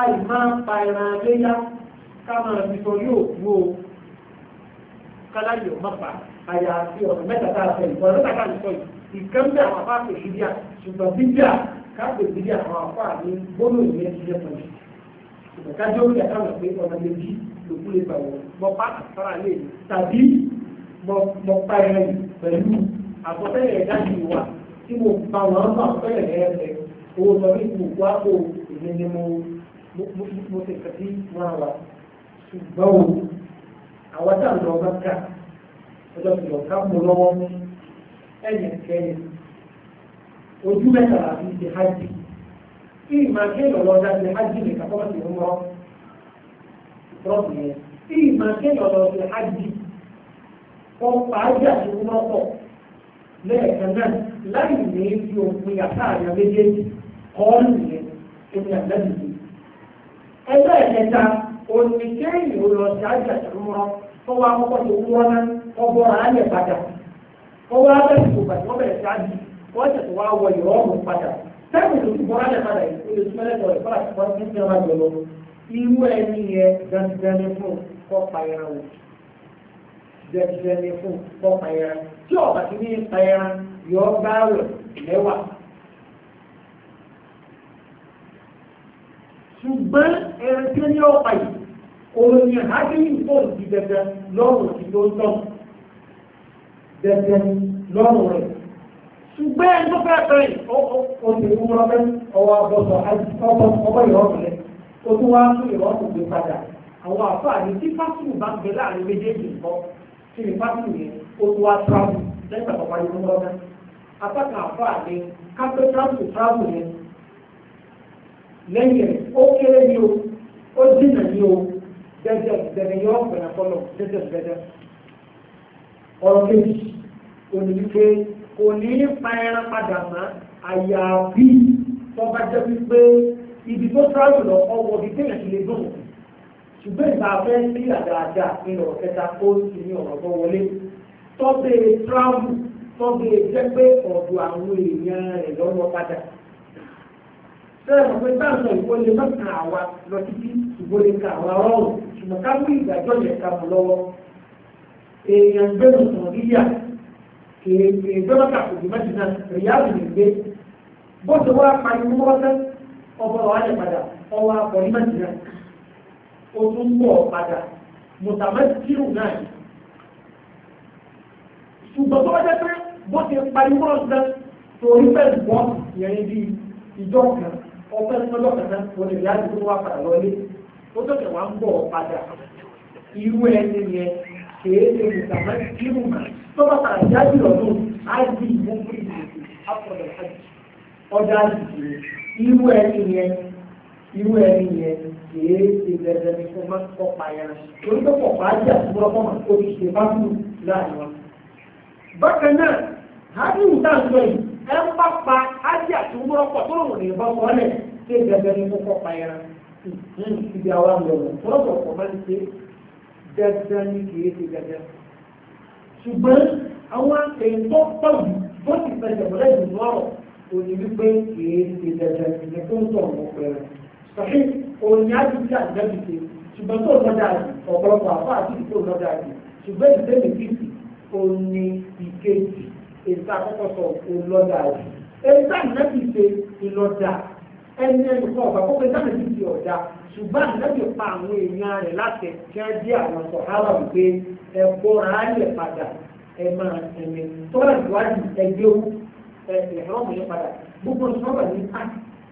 àì máa ń pa ẹran léyá ká máa fi sọ yóò kú o káláyọ̀ mọ́pa àyàfi ọ̀rọ̀ mẹ́ta tá a fẹ́ ìfọ̀ ọ̀rọ̀ mẹ́ta tá a fẹ́ ìfọ̀ ìkẹ́ńbé àwọn afá pè síbíà ṣùgbọ́n bíbíà ká pè síbíà àwọn afá ní gbóló ìwé ti jẹ́ pẹ̀lú ṣùgbọ́n ká jẹ́ orí ẹ̀ka mọ̀ pé ọ̀nà méjì lòkú lè gbà mọ́pa àtàrà lè tàbí mọ́pa ẹran pẹ̀lú àkọsẹ́lẹ̀ ẹ̀dá mo ti kàtí máa wà ṣùgbọ́n o àwọn tá à ń lọ bá kà ọjọ́ ti lọ ká mú lọ́wọ́ ẹ̀yìn kẹ́yìn ojú mẹ́ta àti ti hajj kí ìmọ̀ kéèyàn lọ dá ti hajj lè kà fọ́ọ̀tì ń lọ rọ́ọ̀tì yẹn kí ìmọ̀ kéèyàn lọ ti hajj kọ́ pàájì àti wúlọ́pọ̀ lẹ́ẹ̀kan náà láì ní fi òpin àtàrí méjèèjì kọ́ ọ́ nìyẹn èmi àgbẹ̀dìyẹ ẹgbẹ́ ẹ̀kẹta oníkéyìn ò lọ sí àjàjà tó wá kọ́kọ́ tó wú ọ́nà ọgbọ́n àálẹ̀ padà ó wá bẹ̀rẹ̀ tó bàjẹ́ wọ́n bẹ̀rẹ̀ sí wọ́n ṣẹ̀ tó wá wọ ìrọ́ọ̀mù padà sẹ́yìn tó ti bọ́ra lẹ̀ padà yìí ó lè tún ẹlẹ́tọ̀ rẹ̀ fọ́nà tí wọ́n ti ń tẹ́ra irú ẹni yẹn dandandani fún kọ́pa ṣùgbọ́n ẹran tí ó ní ọ̀pá yìí òun ni àádéyì fóònù ti dẹ̀dẹ̀ lọ́rùn tí ló ń tọ́ dẹ̀dẹ̀ lọ́rùn rẹ̀ ṣùgbọ́n ẹni tó fẹ́ tọ́ yìí ó ti rí wọn fẹ́ ọwọ́ abọ́sọ̀ ọgbọ́ ìrọ̀rùn rẹ̀ ó tún wá tún ìrọ̀rùn gbé padà àwọn àfáà ní tí fásitì bá ń bẹ láàrin méjèèjì nǹkan tí ní fásitì yẹn ó tún wá tíráàbù lẹ́gbàá pàpà yìí lẹ́yìn rẹ̀ ó kéré ní o ó dínà ní o dẹ́dẹ́ dẹ́dẹ́ yọ ọ̀pẹ̀lẹ̀ fọlọ̀ dẹ́dẹ́ dẹ́dẹ́ ọ̀rọ̀ kejì òní wípé kò ní í pa ẹran padà mọ́ àyàfi tọ́ba jẹ́ wípé ibi tó sáàlù lọ ọwọ́ ibi téèyàn ti lè dùn ṣùgbọ́n ìgbà abẹ́ sí àdáadáa nínú ọ̀rọ̀ kẹta ó sì ní ọ̀rọ̀ tó wọlé tọ́bẹ̀ tíráàmù tọ́bẹ̀ jẹ́ pé ọ̀dọ̀ àwọn èèyàn rẹ̀ lọ́wọ́ padà sẹ́yìn pé táwọn ìwọ lè má kan àwa lọ títí ṣùgbọ́n lè ka àwa rọrùn ṣùgbọ́n ká mú ìdájọ́ yẹn ká mọ̀ lọ́wọ́ èèyàn gbẹ́nu sàn yíyà kèé gbẹ́nu kàkó bí májìnà rìyá lè gbé bó ṣe wá pariwo wọ́tẹ́ ọba ọ̀hà yẹn padà ọwọ́ akọ ní májìnà ó tún bọ̀ padà mùtàmẹ́tìrù náà ṣùgbọ́n tó wájẹ́ pé bó ṣe pariwo ọ̀sẹ̀ torí bẹ́ẹ̀ bọ́ yẹn bí ìjọ kan ọpẹ́ tọ́lọ̀ kẹta wọn lè yá dúró wá padà lọlé ó tọ́jà wá ń bọ̀ padà irú ẹni yẹn kèé ṣe mùsàmá kírù mà tó bá padà já jùlọ tó á di ìmú fún ìdìbò àpọ̀lọ̀ àjì ọjà àjì irú ẹni yẹn irú ẹni yẹn kèé ṣe bẹ̀rẹ̀ ní fún má kọ́ payá torí pé pọ̀ bá jà sí ọkọ̀ mà kó ti ṣe bá kú láàrin wọn. bákan náà hádùn táà ń sọ yìí ẹ ń bá pa ájì àti wúrọ́ pọ̀ tó lòun nìyẹn bá mọ́ ọ́lẹ̀ ṣé gẹ́gẹ́ ní kókó pa ẹran hmm, ibi àwa ń lọ wọn lọ́dọ̀ ọ̀pọ̀ máa ń ṣe gẹ́gẹ́ ní kìí ṣe gẹ́gẹ́ ṣùgbọ́n àwọn èèyàn tó pọ̀ jù bó ti fẹsẹ̀ mọ́lẹ̀ jù lọ́rọ̀ òní wípé kìí ṣe gẹ́gẹ́ ìyẹn tó ń tọ̀ ọ̀pọ̀ pẹ̀rẹ̀ sọ̀hí òní á ti ṣe ṣùgbọ́n tó lọ́dà ọ̀pọ̀lọpọ̀ àfáà tó ti tó lọ́dà ṣùgbọ́n ìdẹ́lẹ̀ kìí èta àkọ́kọ́ sọ ìlọ́dà rẹ̀ èta ìnáfi ṣe ìlọ́dà ẹni ẹni kọ́ ọ̀gá kó pé sáà ti di ọ̀dà ṣùgbọ́n ìnáfi pa àwọn èèyàn rẹ̀ láti kẹ́ dí àwọn sọ̀hálà wípé ẹ bọ́ra ayẹ̀ padà ẹ máa ẹ̀mí tọ́lá ìwádìí ẹgbẹ́ owó ẹ̀sìn ẹ̀rọ mi padà gbogbo sọ́ọ̀bà ní ká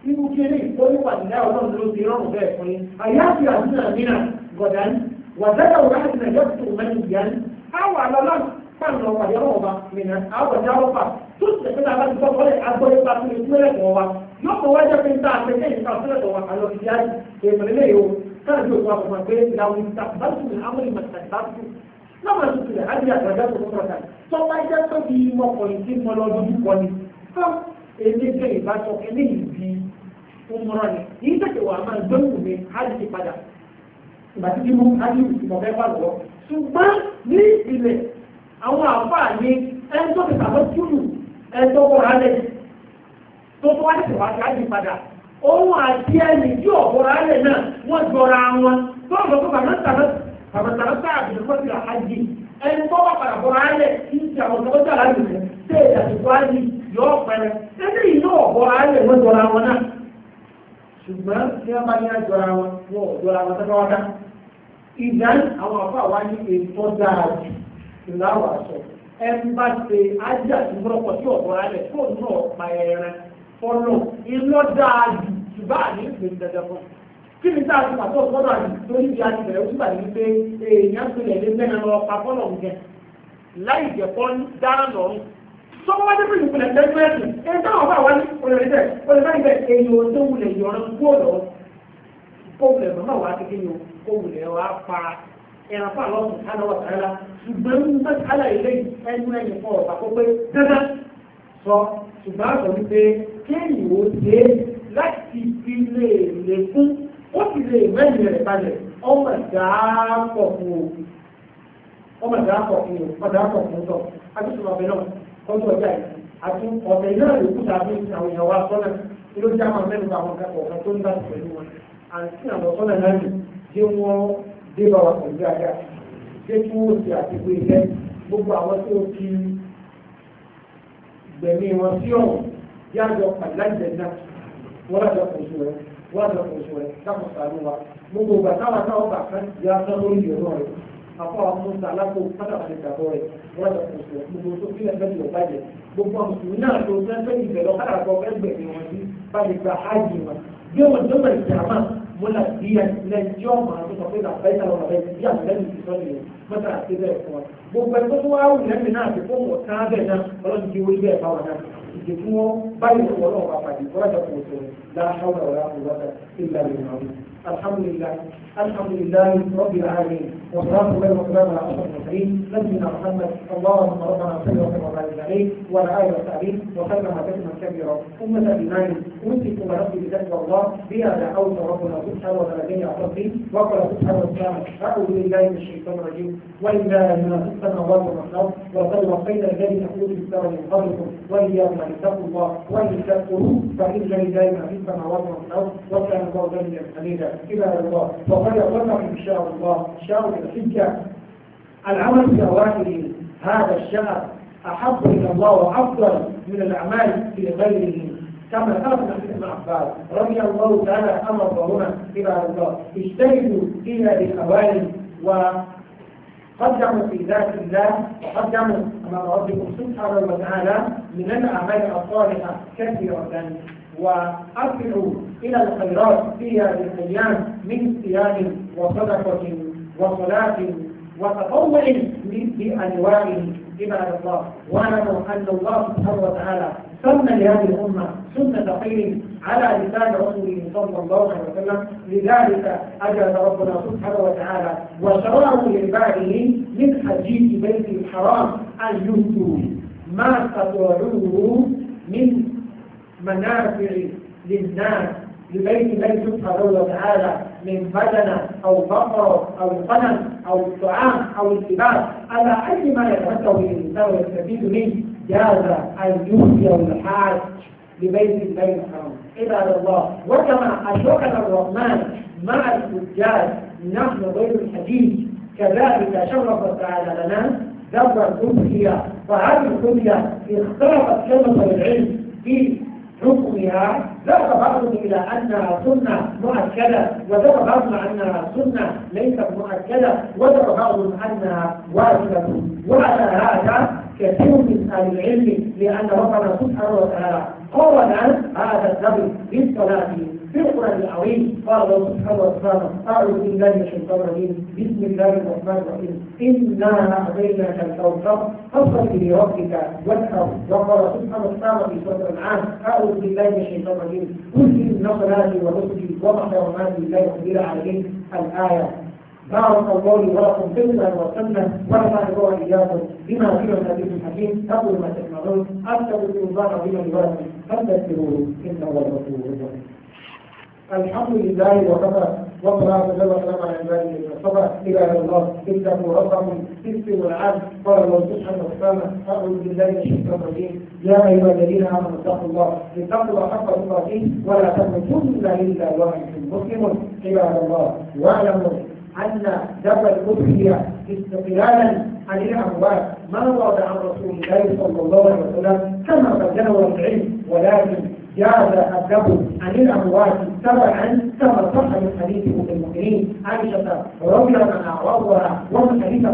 irú kéré ìfọ́nípa ìdá ọlọ́run ló ti rọrùn bẹ́ẹ̀ fún yín àyáfi fáwọn ọmọ àyẹ̀wò ọba mìíràn àwọn ọjà ọba tó ti tẹ̀sí náà láti gbọ́ wọlé agbóyè bá tó lè túlẹ̀ kọ̀ wa yóò kọ̀ wájú pé nta àtẹ̀kẹ́ yìí ká túlẹ̀ kọ̀ wa àlọ́ ti yá èèmọ̀ lé yìí o káà ní òkú àkọ́kọ́ pé làwọn ìta bá tù àwọn ìmọ̀ ìta bá tó tilẹ̀ á di àgbàdo tó kọ́ ta tó tó fi mọ kọ̀yìn tí àwọn àfáà ní ẹjọ́ ti tàbí túlù ẹjọ́ bọ́ra lẹ̀ tó tó wá tẹ̀sẹ̀ wá sí àjì padà òun àti ẹni tí ò bọ́ra lẹ̀ náà wọ́n jọra wọn tó ń lọ fún bàbá tàbí bàbá tàbí sáàbì lọ́kọ́ sí àjì ẹni tó bá padà bọ́ra lẹ̀ kí n ti àwọn ọ̀dọ́ jà láti rẹ̀ tẹ́ ìdàgbàsókè wáyé yọ ọ̀pẹ̀rẹ̀ ẹni ìlú ọ̀bọ̀ra lẹ̀ wọ́n jọra wọn náà láwà sọ ẹ ń bá ṣe ájà tí mo rọpò tí ọ̀dọ́ alẹ̀ fóònù náà pa ẹran fọlọ́ iná dáa jù ṣùgbọ́n àní ìgbèrè dandan fún un kí ni táà ti pàtó ọ̀sọ́dọ̀ àti torí bí a ti bẹ̀rẹ̀ ojú bàjẹ́ wípé èèyàn tó lè lé mẹ́rin lọ pa fọ́nà òjẹ́ láì jẹ́ kọ́ dára lọ́rùn. sọ́kọ́ wájú pé ìpìlẹ̀ tẹ́lifẹ̀ ẹ̀sìn ẹni táwọn bá wá ní olùrẹ́sẹ̀ olùrẹ́sẹ̀ èyí ò tó wulẹ̀ yọ̀rọ̀ gbọ́dọ̀ kó wulẹ̀ mọ́mọ́ wá ti kí ẹ̀ràn fún àwọn ọ̀sánàwọ̀ tààlà ṣùgbọ́n ń bẹ́ tààlà ilé ẹnu ẹ̀yìn fún ọ̀pá kó pé dandan sọ ṣùgbọ́n àgbà wípé kéèyàn ó dé láti fi lè lè fún ó sì lè mẹ́rin rẹ̀ balẹ̀ ọmọ ìdáàpọ̀ fún o ọmọ ìdáàpọ̀ fún o ọmọ ìdáàpọ̀ fún o sọ akíṣùmọ̀ ọbẹ̀ náà kọ́ńtò ọjà yìí àti ọ̀tẹ̀ náà ló kúta kan tó ń bá pẹ̀lú wọn àti àwọn sọ́nà náà lè jẹ́ wọ́n dé bá wa pẹ̀lú dáadáa ṣé kí wọ́n ti àtìgbò ilẹ̀ gbogbo àwọn tí ó fi gbẹ̀mí wọn sí ọ̀hún yájọ àdìlájẹ̀ náà wọ́n lájọ kò sùn rẹ̀ wọ́n lájọ kò sùn rẹ̀ dákò sàánú wa gbogbo ìgbà táwọn táwọn bá kan yá sọ lórí ìrọ̀ rẹ̀ àpò àwọn mọ́tà alágbó pátápátá ìgbàgbọ́ rẹ̀ wọ́n lájọ kò sùn rẹ̀ gbogbo tó kílẹ̀ fẹ́ lọ bàjẹ́ gbogbo àwọn mùsùlùmí náà tó fẹ́ fẹ́ ìfẹ́ lọ fẹ́ gbẹ̀mí wọn sí bá múlá díẹ̀ lẹ́jọ́ máa tó sọ pé làbẹ́ ìtàwọn làbẹ́ ìdí àtìlẹ́yìn ìsọ́lẹ̀ yẹn mọ́tà àti bẹ́ẹ̀ fún wa gbogbo ẹgbẹ́ tó wá wù lẹ́mìí náà àti fóònù ọ̀tá bẹ́ẹ̀ náà ọlọ́run ti orí bẹ́ẹ̀ báwa náà ìdè fún wọn báyìí wọn lọ́wọ́ bá pàdé kọ́lájà kò sọ̀rọ̀ láhàwọ̀ ọ̀rá kò wọ́tà ìlànà ìrànwọ́ alhamdulilayi الحمد لله رب العالمين والصلاه والسلام على اشرف المرسلين نبينا محمد اللهم ربنا صل وسلم وبارك عليه وعلى اله وصحبه وسلم تسليما كبيرا امه الايمان اوصيكم ربي بتقوى الله بها دعوت ربنا سبحانه وتعالى عصبي وقال سبحانه وتعالى اعوذ بالله من الشيطان الرجيم ولله ما في السماوات والارض وقد وقينا الذين اوتوا الكتاب من قبلكم واياكم ان اتقوا الله وان تذكروا فان لذلك ما في السماوات والارض وكان الله ذلك حميدا الى الله وغدا وطن إن شاء الله شهر الحجة العمل في أواخر هذا الشهر أحب إلى الله وأفضل من الأعمال في غيره كما قال في ابن عباس رضي الله تعالى أمر وهنا الى الله اجتهدوا إلى الأوائل وقدموا في ذات الله وقدموا أمام ربكم سبحانه وتعالى من الأعمال الصالحة كثيرة وأدعو إلى الخيرات في هذه الأيام من صيام وصدقة وصلاة وتطوع بأنواعه عباد الله واعلموا أن الله سبحانه وتعالى سن لهذه الأمة سنة خير على لسان رسوله صلى الله عليه وسلم لذلك أجاز ربنا سبحانه وتعالى وشرعه لعباده من حديث بيت الحرام أن يؤتوا ما استطاعوه من منافع للناس لبيت الله سبحانه وتعالى من بدنة أو بقرة أو قلم أو الطعام أو السباع على أي ما يتمتع به الإنسان ويستفيد منه جاز أن يوفي الحاج لبيت الله الحرام عباد الله وكما أشركنا الرحمن مع الحجاج نحن غير الحديث كذلك شرف تعالى لنا ذكر الدنيا فهذه الدنيا اختلفت كلمة العلم في حكمها لا بعضهم إلى أنها سنة مؤكدة وذهب بعضهم أنها سنة ليست مؤكدة وذهب بعضهم أنها واجبة وعلى هذا كثير من أهل العلم لأن ربنا سبحانه وتعالى قرن هذا النبي بالصلاة في القرآن العظيم قال الله سبحانه وتعالى أعوذ بالله من الشيطان الرجيم بسم الله الرحمن الرحيم إنا أعطيناك الكوثر فاصل لربك وانحر وقال سبحانه وتعالى في سورة الأنعام أعوذ بالله من الشيطان الرجيم قل إن صلاتي ونسكي ومحرماتي لا يقدر عليه الآية بارك الله لي ولكم في الله وسلم ورفع الله إياكم بما فيه الحديث الحكيم تقول ما تسمعون أستغفر الله بما لي ولكم فاستغفروه إنه هو الغفور الحمد لله وكفى وصلاة جل على عباده وكفى إلى الله إنه رقم في والعام قال الله سبحانه وتعالى أعوذ بالله من الشيطان الرجيم يا أيها الذين آمنوا اتقوا الله اتقوا الله حق تقاته ولا تموتن إلا وأنتم مسلمون عباد الله واعلموا أن دفع الأضحية استقلالا عن الأموال ما ورد عن رسول الله صلى الله عليه وسلم كما قد العلم ولكن جاء أدب عن الأموات تبعا كما صح من حديث أم المؤمنين عائشة رضي الله عنها وأرضها ومن حديث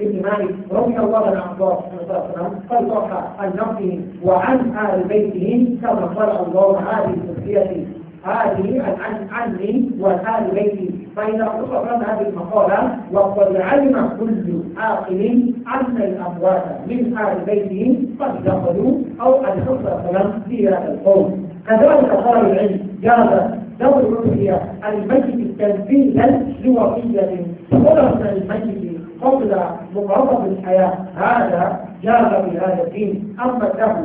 ابن مالك رضي الله عنه أرضاه صلى الله عليه وسلم قد صح عن نفسه وعن آل بيته كما قال الله هذه تسليتي هذه عن عني آل بيتي فإذا خصصت هذه المقالة وقد علم كل عاقل أن الأموات من آل بيته قد دخلوا أو أدخلوا في هذا القول كذلك قال العلم جاز دور الرؤية المجد تنفيذا لوصية ولم المجد قبل مقربة الحياة هذا جاز في هذا الدين أما له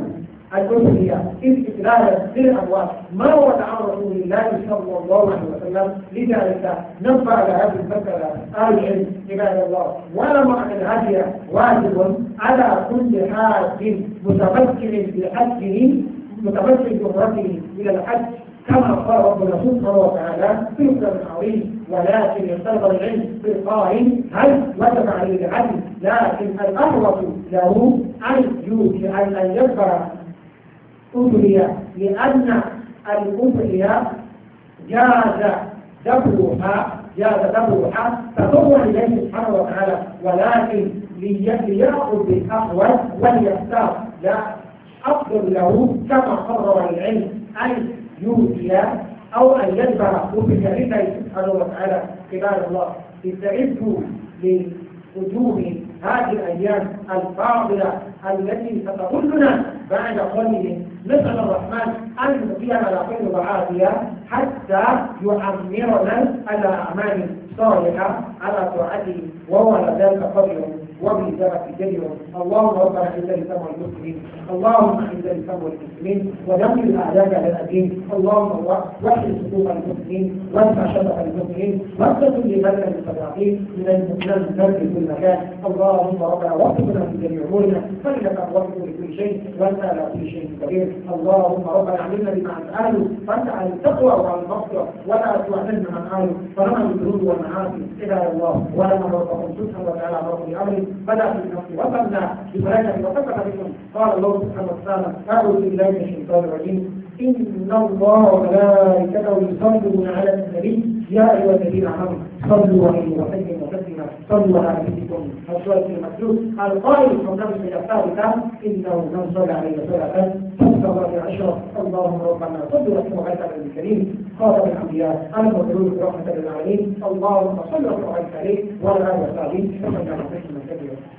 الألوهية استدلالا للأموات ما هو تعرض رسول الله صلى الله عليه وسلم لذلك نفع على هذه المسألة أهل العلم عباد الله ولا معنى الهدي واجب على كل حاج متمكن بحجه متمثل بامرته إلى الحج كما قال الله سبحانه وتعالى في القرآن العظيم ولكن يختلف العلم في القائم هل وجب عليه العدل لكن الاغرب له أن يوجد أن أن يكبر أجرية لأن الأجرية جاز دبرها جاز دبرها تضر إليه سبحانه وتعالى ولكن ليأخذ بالأقوى وليختار لا أفضل له كما قرر العلم أن يؤتي أو أن يدفع وبفعله سبحانه وتعالى عباد الله استعدوا لوجوه هذه الأيام الفاضلة التي ستظلنا بعد قليل نسأل الرحمن أن يطيعنا على خير وعافية حتى يعمرنا على أعمال صالحة على طاعته وهو على ذلك قدير وبذاتيهم اللهم ربنا اعز لسمع المسلمين اللهم اعز لسمع المسلمين ودمر الاعداء على الدين اللهم وحد صدور المسلمين وانفع شبه المسلمين وانفع لملك المستضعفين من المسلمين من في كل مكان اللهم ربنا وفقنا في جميع امورنا فانك موفق لكل شيء وانت على كل شيء كبير اللهم ربنا علمنا بما نفعله فانت على التقوى وعلى المغفره ولا تعلمنا عن حاله فرمى الذنوب والمعاصي الى الله ولا من ربكم سبحانه وتعالى امره بامره بدأ بالنصر وصلنا ببركة وكفى بكم قال الله سبحانه وتعالى أعوذ بالله من الشيطان الرجيم إن الله وملائكته يصلون على النبي يا أيها الذين آمنوا صلوا عليه وسلموا تسليما صلوا على نبيكم سورة المكتوب القائل من نفسه الثابتة إنه من صلى عليه صلاة في عشرة اللهم ربنا صل وسلم على النبي الكريم خاتم الأنبياء المبعوث برحمة للعالمين اللهم صل وسلم عليه وعلى آله وصحبه وسلم تسليما كثيرا